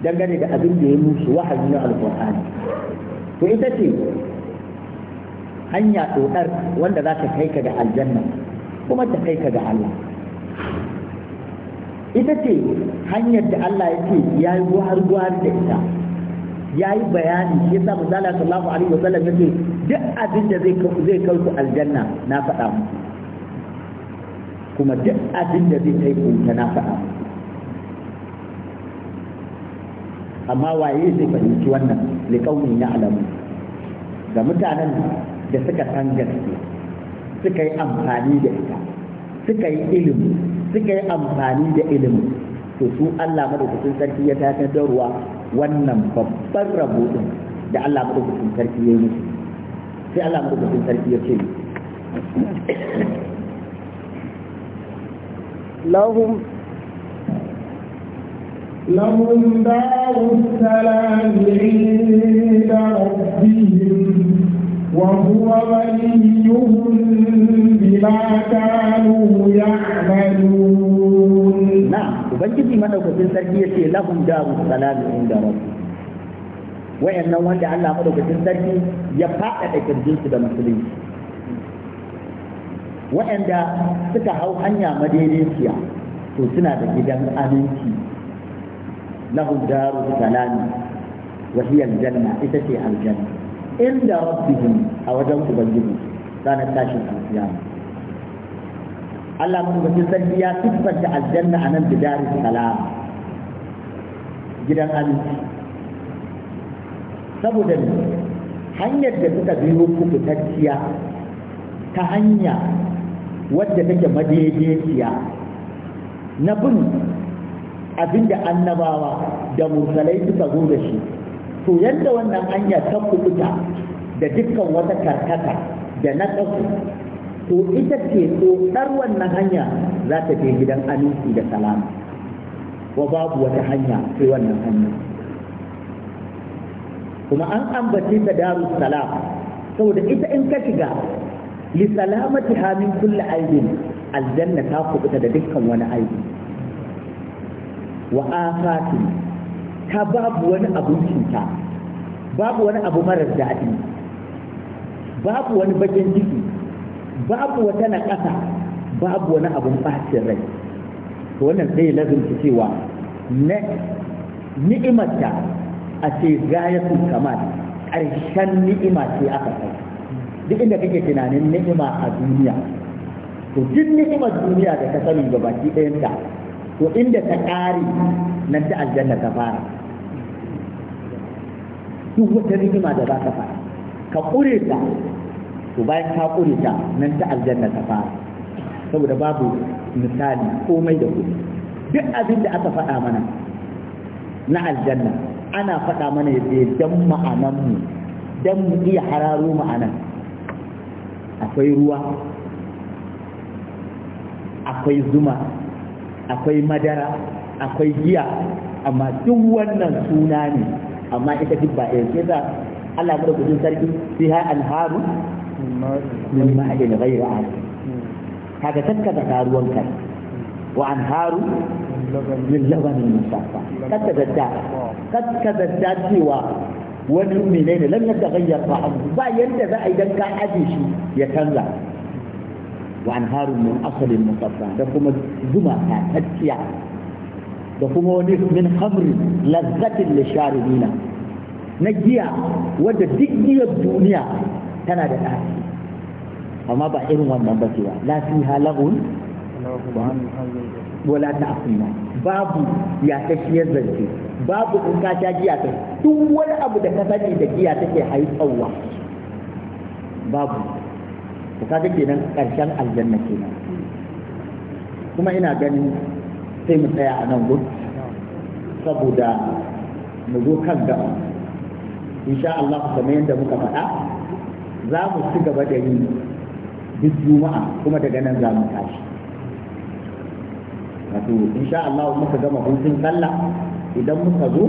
dangane da abin da ya musu wahayi na alqur'ani to ita ce hanya dodar wanda za ta kai ka ga aljanna kuma ta kai ka ga Allah ita ce hanyar da Allah ya ce ya yi har gwar da ita ya yi bayani shi yasa manzala sallallahu alaihi wa sallam yace duk abin da zai zai kai ku aljanna na faɗa muku kuma duk abin da zai kai ku na faɗa muku amma waye zai fahimci wannan liƙaunin ya alamu ga mutanen da suka san gaske suka yi amfani da ita suka yi ilimi suka yi amfani da ilimi to su Allah madaukakin sarki ya tafi da ruwa wannan babban rabo din da Allah madaukakin sarki ya yi sai Allah madaukakin sarki ya ce lahum لهم دار السلام عند ربهم وهو وليهم بما كانوا يعملون نعم ubangiji madaukakin sarki yace lahum daru salam inda rabbi wayannan wanda Allah madaukakin sarki ya fada da kirjinsu da musulunci wayanda suka hau hanya madaidaiciya to suna da gidan aminci lahu daru salami wa hiya aljanna ita ce aljanna inda rabbihim a wajen ubangiji ranar tashin alkiyama Allah mun ga sarki ya siffanta aljanna anan da daru gidan aminci saboda hanyar da suka biyo kubutacciya ta hanya wadda take madaidaiciya na bin abinda annabawa da mursalai suka zo da shi to yadda wannan hanya ta kubuta da dukkan wata karkata da na to ita ce tsotsar wannan hanya za ta je gidan aminci da salama wa babu wata hanya sai wannan hanya kuma an ambace ta daru salam saboda ita in ka shiga li salamati hamin kulli aibin aljanna ta kubuta da dukkan wani aibi wa afati ka babu wani abun cuta babu wani abu marar daɗi babu wani bakin ciki babu wata na ƙasa babu wani abun bacin rai to wannan zai lazumta cewa na ni'imarta a ce gayatul kamar ƙarshen ni'ima ce aka kai duk inda kake tunanin ni'ima a duniya to duk ni'imar duniya da ka sani ga baki ɗayanta to inda ta ƙare nan ta aljanna ta fara duk wata rigima da za ka fara ka ƙure ta to bayan ka ƙure ta nan ta aljanna ta fara saboda babu misali komai da komai duk abin da aka faɗa mana na aljanna ana faɗa mana ya ce don ma'ananmu don mu iya hararo ma'anan akwai ruwa akwai zuma akwai madara akwai giya amma duk wannan suna ne amma ita duk ba ɗaya ce za Allah mura kudin sarki sai ha alharu min ma'adin ghayra ali kaga takkata karuwan kai wa anharu min labanin safa. kakkata da da, kakkata da cewa wani menene ya yataghayyar ta'am ba yanda za a yi dan ka aje shi ya canza wa anharun min asalin musaffa da kuma zuma tatacciya da kuma wani min hamri lazzatin lisharibina na giya wadda duk giyar duniya tana da ɗaci amma ba irin wannan ba cewa la fi halagun wala ta afina babu ya tashiyar zance babu in ka giya duk wani abu da ka da giya take haifarwa babu to kaga kenan karshen aljanna kenan kuma ina ganin sai mu tsaya a nan gudu saboda mu zo kan gaba insha Allah kamar yadda muka faɗa za mu ci gaba da yi duk juma'a kuma daga nan za mu tashi wato insha Allah muka gama hutun sallah idan muka zo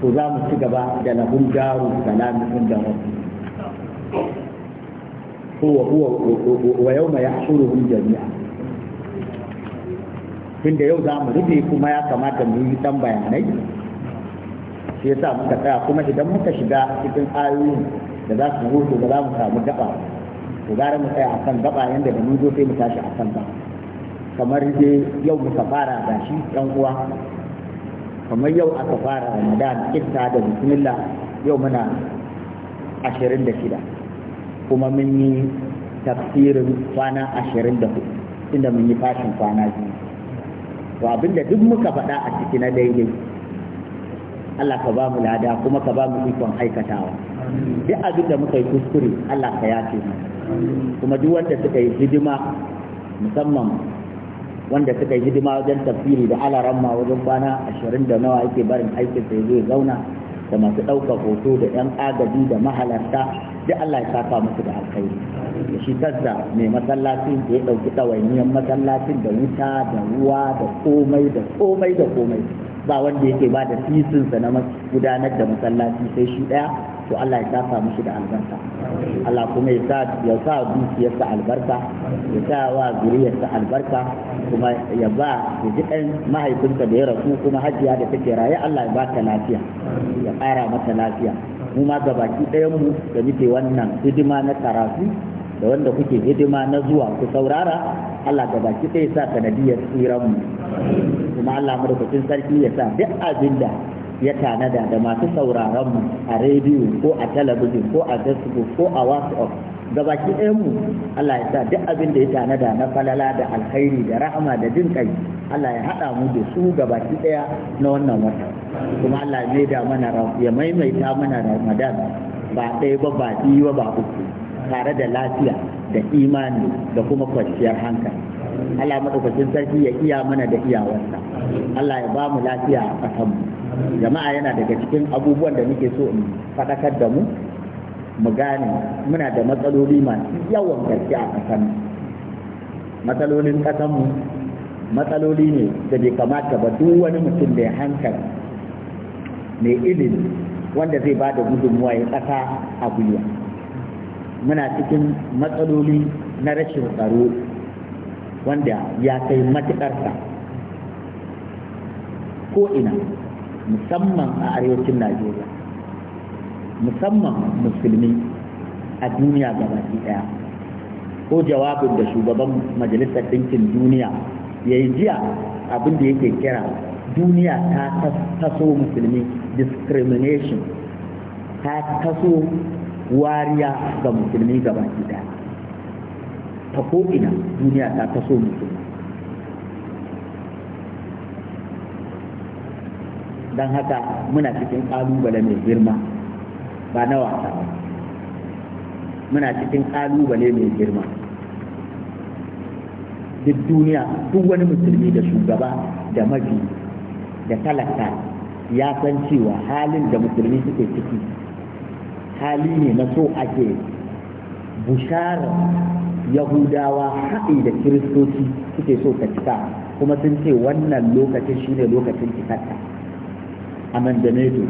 to za mu ci gaba da lahun garu salamin da wasu هو هو ويوم يحشرهم جميعا jami'a da yau za mu rufe kuma ya kamata mu yi dan bayanai shi yasa muka tsaya kuma idan muka shiga cikin ayoyin da za su hoto ba za mu samu gaba to gara mu tsaya akan gaba yanda da mun zo sai mu tashi akan gaba kamar dai yau muka fara da shi dan uwa kamar yau aka fara Ramadan kitta da bismillah yau muna ashirin da shida kuma mun yi tafsirin kwana ashirin da hudu inda mun yi fashin kwana biyu to abinda duk muka faɗa a ciki na daidai Allah ka ba mu lada kuma ka ba mu ikon aikatawa duk abinda muka yi kuskure Allah ka yace mu kuma duk wanda suka yi hidima musamman wanda suka yi hidima wajen tafsiri da alaramma wajen kwana ashirin da nawa yake barin aikinsa ya zo ya zauna da masu ɗauka hoto da 'yan agaji da mahalarta da Allah ya saka musu da alkhairi da shi tazza mai masallacin da ya ɗauki ɗawainiyar masallacin da wuta da ruwa da komai da komai da komai ba wanda yake ba da tisinsa na gudanar da masallaci sai shi ɗaya to Allah ya saka musu da albarka Allah kuma ya sa ya sa dukiyarsa albarka ya sa wa zuriyarsa albarka kuma ya ba da ji mahaifinsa da ya rasu kuma hajiya da take raye Allah ya baka lafiya ya ƙara mata lafiya mu ma baki ɗayan mu da muke wannan hidima na karatu da wanda kuke hidima na zuwa ku saurara Allah baki ɗaya ya sa sanadiyar tsiran mu kuma Allah madaukakin sarki ya sa duk abin da ya tanada da masu sauraron mu a rediyo ko a talabijin ko a facebook ko a whatsapp gabaki ɗayan mu Allah ya sa duk abin da ya tanada na falala da alkhairi da rahama da jin kai Allah ya haɗa mu da su baki ɗaya na wannan wata kuma Allah ya da mana ya maimaita mana Ramadan ba ɗaya ba ba biyu ba uku tare da lafiya da imani da kuma kwanciyar hankali Allah madaukakin sarki ya iya mana da iyawarsa Allah ya ba mu lafiya a ƙasarmu jama'a yana daga cikin abubuwan da muke so in faɗakar da mu mu gane muna da matsaloli masu yawan gaske a ƙasar matsalolin ƙasar mu matsaloli ne da bai kamata ba duk wani mutum da ya hankali mai ilimi wanda zai ba da gudunmuwa ya ƙasa a guya muna cikin matsaloli na rashin tsaro wanda ya kai matuƙarsa ko ina musamman a arewacin najeriya musamman musulmi a duniya gabaki daya ko jawabin da shugaban majalisar ɗinkin duniya ya yi jiya abin da yake kira duniya ta taso musulmi discrimination ta taso wariya ga musulmi gabaki daya ta ko'ina duniya ta taso musulmi don haka muna cikin ƙalubale mai girma ba na wasa ba muna cikin ƙalubale mai girma duk duniya duk wani musulmi da shugaba da mafi da talaka ya san cewa halin da musulmi suke ciki hali ne na so ake bushara yahudawa haɗi da kiristoci suke so ka cika kuma sun ce wannan lokacin shine lokacin cikarta a manzanetu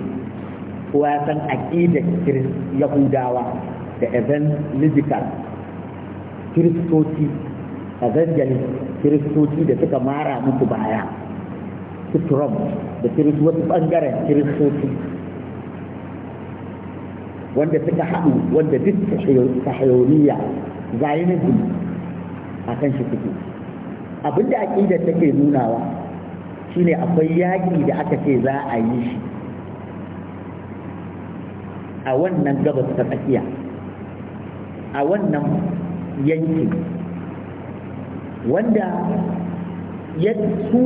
kowa ya san aƙidar yahudawa da evangelical kiristoci evangelist kiristoci da suka mara muku baya su trump da wasu ɓangaren kiristoci wanda suka haɗu wanda duk sahayoniya zionism a kan shi suke abinda aƙidar take nunawa shine akwai yaƙi da aka ce za a yi shi a wannan gabas ta tsakiya a wannan yanki wanda ya su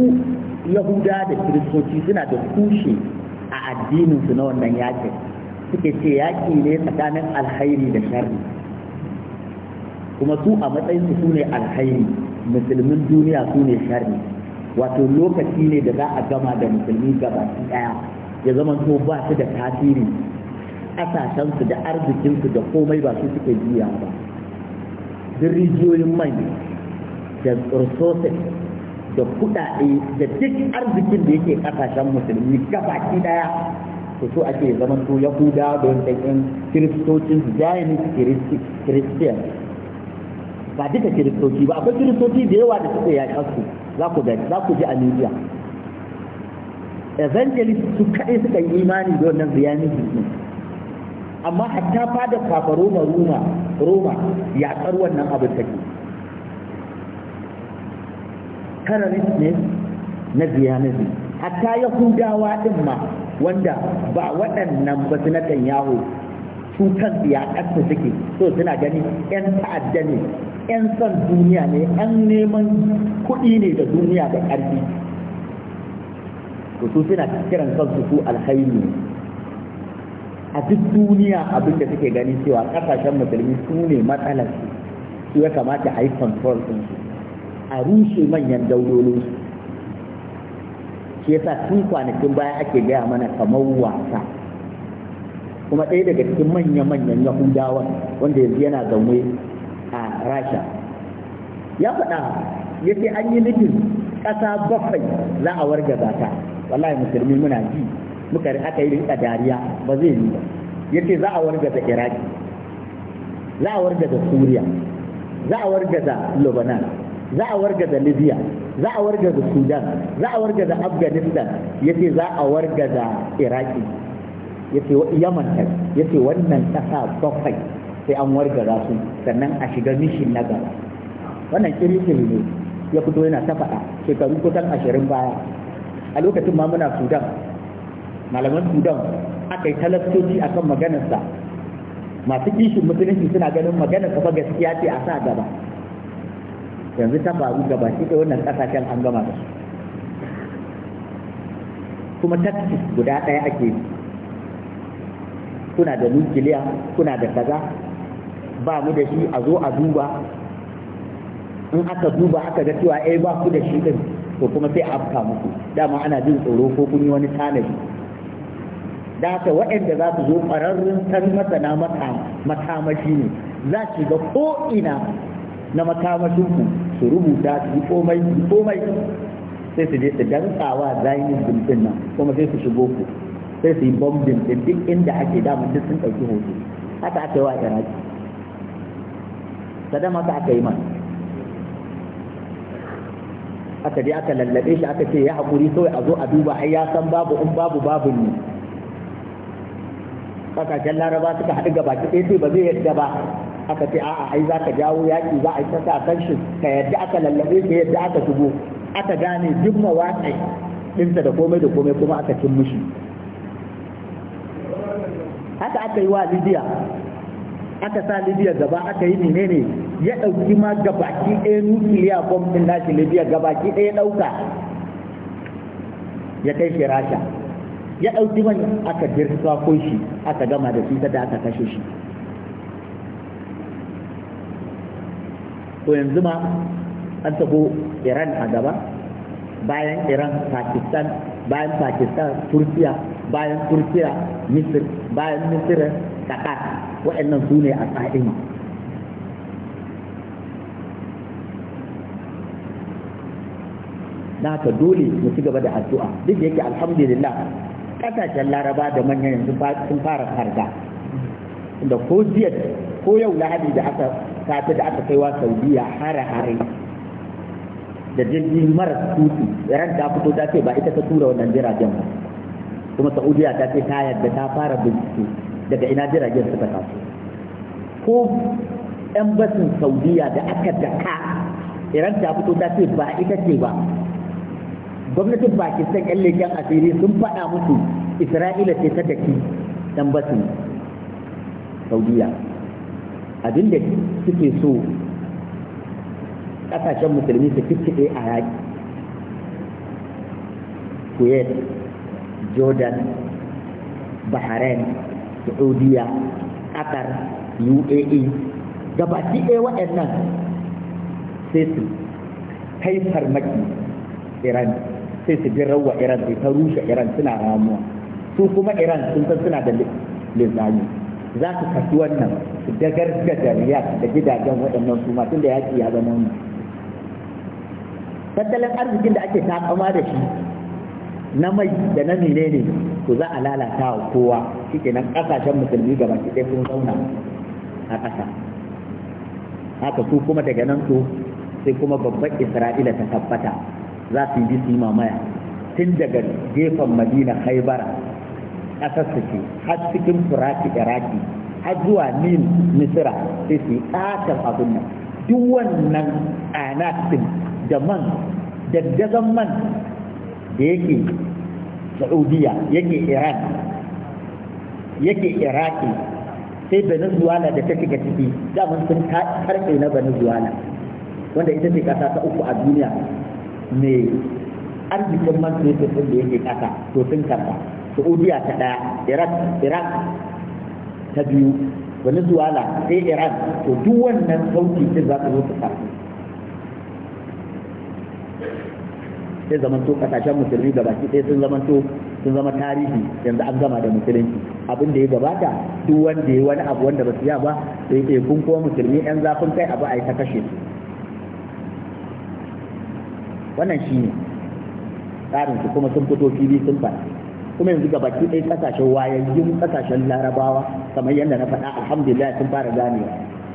yahuda da kiristoci suna da tushe a addininsu na wannan yakin suke ce yaƙi ne tsakanin alhairi da sharri kuma su a matsayinsu su ne alhairi musulmin duniya su ne sharri wato lokaci ne da za a gama da musulmi gabaki ɗaya ya zama to ba su da tasiri ƙasashensu da arzikinsu da komai ba su suke biya ba duk rijiyoyin mai da resources da kuɗaɗe da duk arzikin da yake ƙasashen musulmi gabaki ɗaya to so ake zama to yahuda da yankin kiristocin su jayanin kiristiyan ba duka kiristoci ba akwai kiristoci da yawa da suke yaƙar su za ku ji a media evangelist su kaɗai suka yi imani da wannan ziyanin ne amma hatta fada fafa roma roma roma yaƙar wannan abin take terrorist ne na ziyanazi hatta yahudawa ɗin ma wanda ba waɗannan ba su na kan yawo su kan yaƙarsa suke so suna gani 'yan ta'adda ne 'yan son duniya ne An neman kuɗi ne da duniya da ƙarfi to su suna kiran kansu su alhaini a duk duniya abin da suke gani cewa kasashen musulmi su ne matsalar su su ya kamata a yi kontrol su a rushe manyan daudolin su shi yasa tun kwanakin baya ake gaya mana kamar wasa kuma ɗaya daga cikin manya-manyan yahudawa wanda yanzu yana zaune a rasha ya faɗa ya ce an yi nufin ƙasa bakwai za a wargaza ta wallahi musulmi muna ji muka aka yi rinka dariya ba zai yi ba ce za a wargaza iraki za a wargaza suriya za a wargaza lebanon za a wargaza libya za a wargaza sudan za a wargaza afghanistan ce za a wargaza iraki yace yaman ta ce wannan kasa bakwai sai an wargaza su sannan a shiga mishin na gaba wannan kirkiri ne ya fito yana ta faɗa shekaru kusan ashirin baya a lokacin ma muna sudan malaman sudan aka yi talaftoji a kan maganarsa masu kishin musulunci suna ganin maganarsa ba gaskiya ce a sa gaba yanzu ta faru gaba shi da wannan kasashen an gama da kuma taktis guda ɗaya ake yi kuna da nukiliya kuna da kaza ba mu da shi a zo a duba in aka duba aka ga cewa eh ba ku da shi din to kuma sai a afka muku dama ana jin tsoro ko kun yi wani tanadi da haka waɗanda za su zo ƙwararrun san masana makamashi ne za su ga ko'ina na makamashinku su rubuta su yi komai su komai sai su je su dantsawa zainin dimfin nan kuma sai su shigo ku sai su yi bombin din duk inda ake damu duk sun ɗauki hoto haka aka yi wa iraki sadama ka aka yi ma aka je aka lallabe shi aka ce ya haƙuri kawai a zo a duba ai ya san babu in babu babu ne kasashen laraba suka haɗu gaba ki ɗaya ba zai yadda ba aka ce a'a ai za ka jawo yaƙi za a yi sassa kan shi ka yadda aka lallaɓe ka yadda aka shigo aka gane duk mawaƙai ɗinsa da komai da komai kuma aka cin mushi haka aka yi wa libya aka sa libya gaba aka yi menene ya ɗauki ma gabaki ɗaya nukiliya bom ɗin nashi libya gabaki ɗaya ɗauka ya kai shi rasha ya ɗauki man aka jirsa ko shi aka gama da shi da aka kashe shi to yanzu ma an tabo iran a gaba bayan iran pakistan bayan pakistan turkiya bayan turkiya misir bayan misir qatar waɗannan su ne a tsa'in na ka dole mu ci gaba da addu'a duk da yake alhamdulillah kasashen laraba da manya yanzu sun fara farga da ko jiya ko yau lahadi da aka sata da aka kaiwa saudiya hare-hare da jirgin mara tutu ran ta fito ta ce ba ita ta tura wannan jiragen ba kuma saudiya ta ce ta yarda ta fara bincike daga ina jiragen suka taso ko yan basin saudiya da aka daka iran ta fito ta ce ba ita ce ba gwamnatin pakistan yan leken asiri sun faɗa musu isra'ila ce ta daki dan basin saudiya da suke so ƙasashen musulmi su kikkiɗe a yaƙi kuwait jordan bahrain saudiya qatar uae gabaki ɗaya waɗannan sai su haifar farmaki iran sai su bi rawa iran sai ta rushe iran suna ramuwa su kuma iran sun san suna da linzami za su kasu wannan su dagar da riyad da gidajen waɗannan su ma tunda yaƙi ya zama mu tattalin arzikin da ake takama da shi na mai da na menene to za a lalata wa kowa nan ƙasashen musulmi gaba ki ɗaya sun zauna a ƙasa haka su kuma daga nan su sai kuma babban isra'ila ta tabbata za su yi su mamaya tun daga gefen madina haibara ƙasar su har cikin turaki iraki har zuwa nil misira sai su yi ƙatar abin nan duk wannan anatin da man daddagan man da yake saudiya yake iran yake iraki sai venezuela da ta shiga ciki daman sun karfe na venezuela wanda ita ce ƙasa ta uku a duniya mai arzikin man fetur ɗin da yake kasa to sun karɓa saudiya ta ɗaya iraq iraq ta biyu venezuela sai iran to duk wannan sauki ɗin za su zo su karɓi sai zamanto kasashen musulmi da baki ɗaya sun zamanto sun zama tarihi yanzu an gama da musulunci abin da ya gabata duk wanda ya wani abu wanda ba su ya ba sai kun kuma musulmi yan zafin kai abu a yi ta kashe su wannan shi ne tsarin kuma sun fito fili sun fara kuma yanzu gabaki ɗaya ƙasashen wayayyun ƙasashen larabawa kamar yadda na faɗa alhamdulillah sun fara ganewa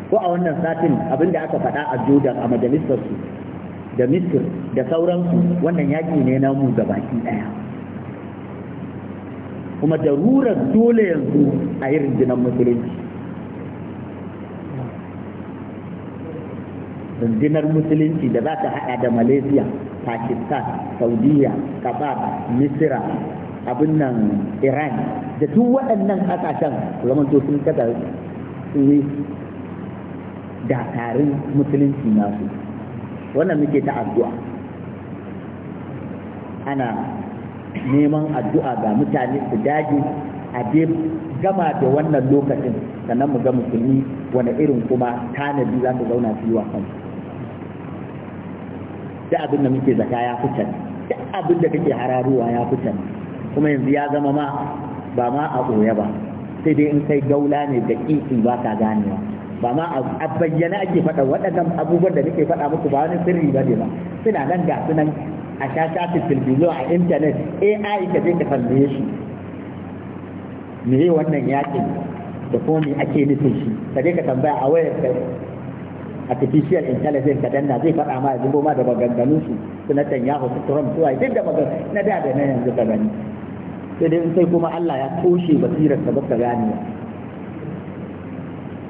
ko a wannan satin abin da aka faɗa a jodan a majalisar su da misir da sauransu wannan yaƙi ne na mu gabaki ɗaya kuma darurar dole yanzu a yi rundunar musulunci rundunar musulunci da za ta haɗa da malaysia pakistan saudiya kabar misira abin nan iran da duk waɗannan ƙasashen zamanto sun kada su dakarun musulunci nasu wannan muke ta addu'a ana neman addu'a ga mutane su daji a gama da wannan lokacin sannan mu ga musulmi wani irin kuma tanadi za mu zauna su yi wa kansu da abin da muke zaka ya fi can abin da kake hararuwa ya fi can kuma yanzu ya zama ma ba ma a ɓoye ba sai dai in kai gaula ne da ƙiƙi ba ka ganewa ba ma a bayyana ake faɗa waɗannan abubuwan da nake faɗa muku ba wani sirri ba ne ba suna nan ga nan a shashafin filbizo a intanet ai ka je ka kalle shi me wannan yakin da kuma me ake nufin shi ka je ka tambaya a wayar artificial intelligence kadan na zai faɗa ma yanzu ma da maganganun su su na Tanyahu su Trump su duk da maganganun na da da na yanzu ka gani sai dai sai kuma Allah ya toshe basirar ka baka gane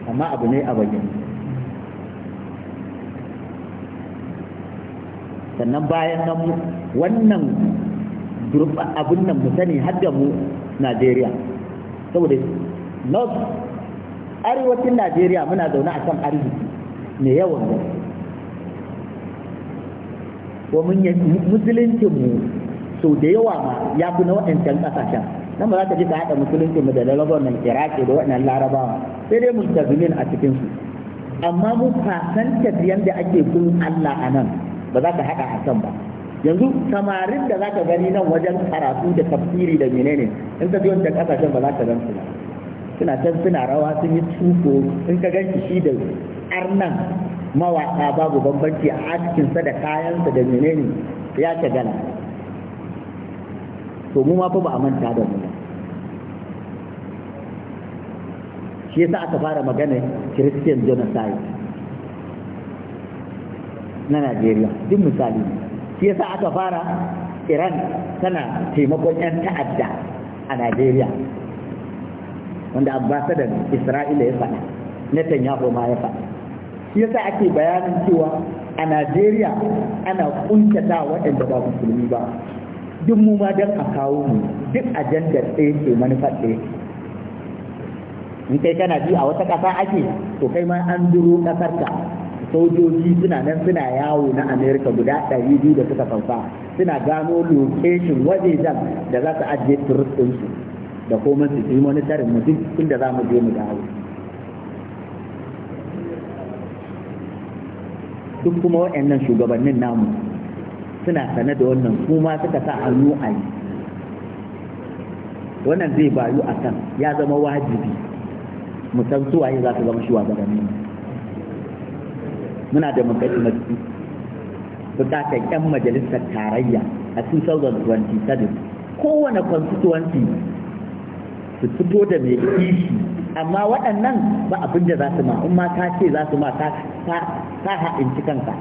amma abu ne a bayyane sannan bayan nan wannan abin nan mu sani har da mu Najeriya saboda north arewacin Najeriya muna zaune a kan arziki ne yawan ko mun yi musulunci mu sau da yawa ma ya fi na waɗancan ƙasashen nan ba za ka ji ka haɗa musulunci mu da larabawa nan iraki da waɗannan larabawa sai dai mustazimin a cikin su amma mu san tafiyan da ake kun Allah a nan ba za ka haɗa a kan ba yanzu samarin da za ka gani nan wajen karatu da tafsiri da menene in ka ji wancan ƙasashen ba za ka gan ba suna can suna rawa sun yi tuko sun ka ganki shi da arnan mawaƙa babu bambanci a askinsa da kayansa da menene ya shagala to mu ma fa ba a manta da mu shi yasa aka fara magana christian genocide na najeriya duk misali shi yasa aka fara iran tana taimakon 'yan ta'adda a najeriya wanda da isra'ila ya faɗa netanyahu ma ya faɗa shi yasa ake bayanin cewa a najeriya ana kuntata waɗanda ba musulmi ba duk mu ma don a kawo mu duk ajandar ɗaya ce manufar ɗaya in kai kana ji a wata ƙasa ake to kai ma an duro ƙasar ka sojoji suna nan suna yawo na amerika guda ɗari biyu da suka sauka suna gano location wajejen da za su ajiye turistinsu da ko su yi monitoring mu duk inda za mu je mu dawo duk kuma waɗannan shugabannin namu suna sane da wannan kuma suka sa hannu a yi wannan zai bayu a kan ya zama wajibi mu san waye za su zama shugabannin muna da mukaddimarci bukatar 'yan majalisar tarayya a 2027 kowane constituency su fito da mai kishi amma waɗannan ba abin da za su ma in ma ta ce za su ma ta cikin kanka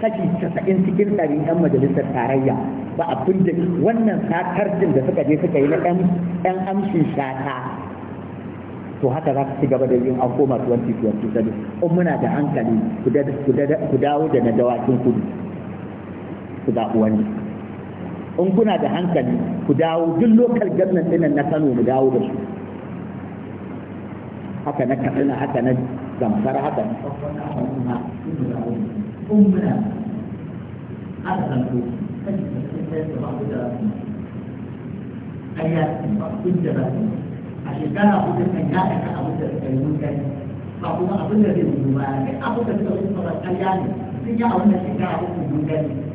kashi casa'in cikin ɗari ɗan majalisar tarayya ba abin da wannan jin da suka je suka yi na ɗan amshin shata to haka za su ci gaba da yin an koma 2027 in muna da hankali ku dawo da na dawakin kudu ku zaɓi wani in kuna da hankali ku dawo duk lokal gannan ɗinan na Kano mu dawo da shi haka na Katsina haka na Zamfar haka ne a shekara kudu kan ya ɗaka abu da suka yi mutane ba kuma abin da zai yi ba sai abu da suka yi mutane sun yi a wannan shekara mun mutane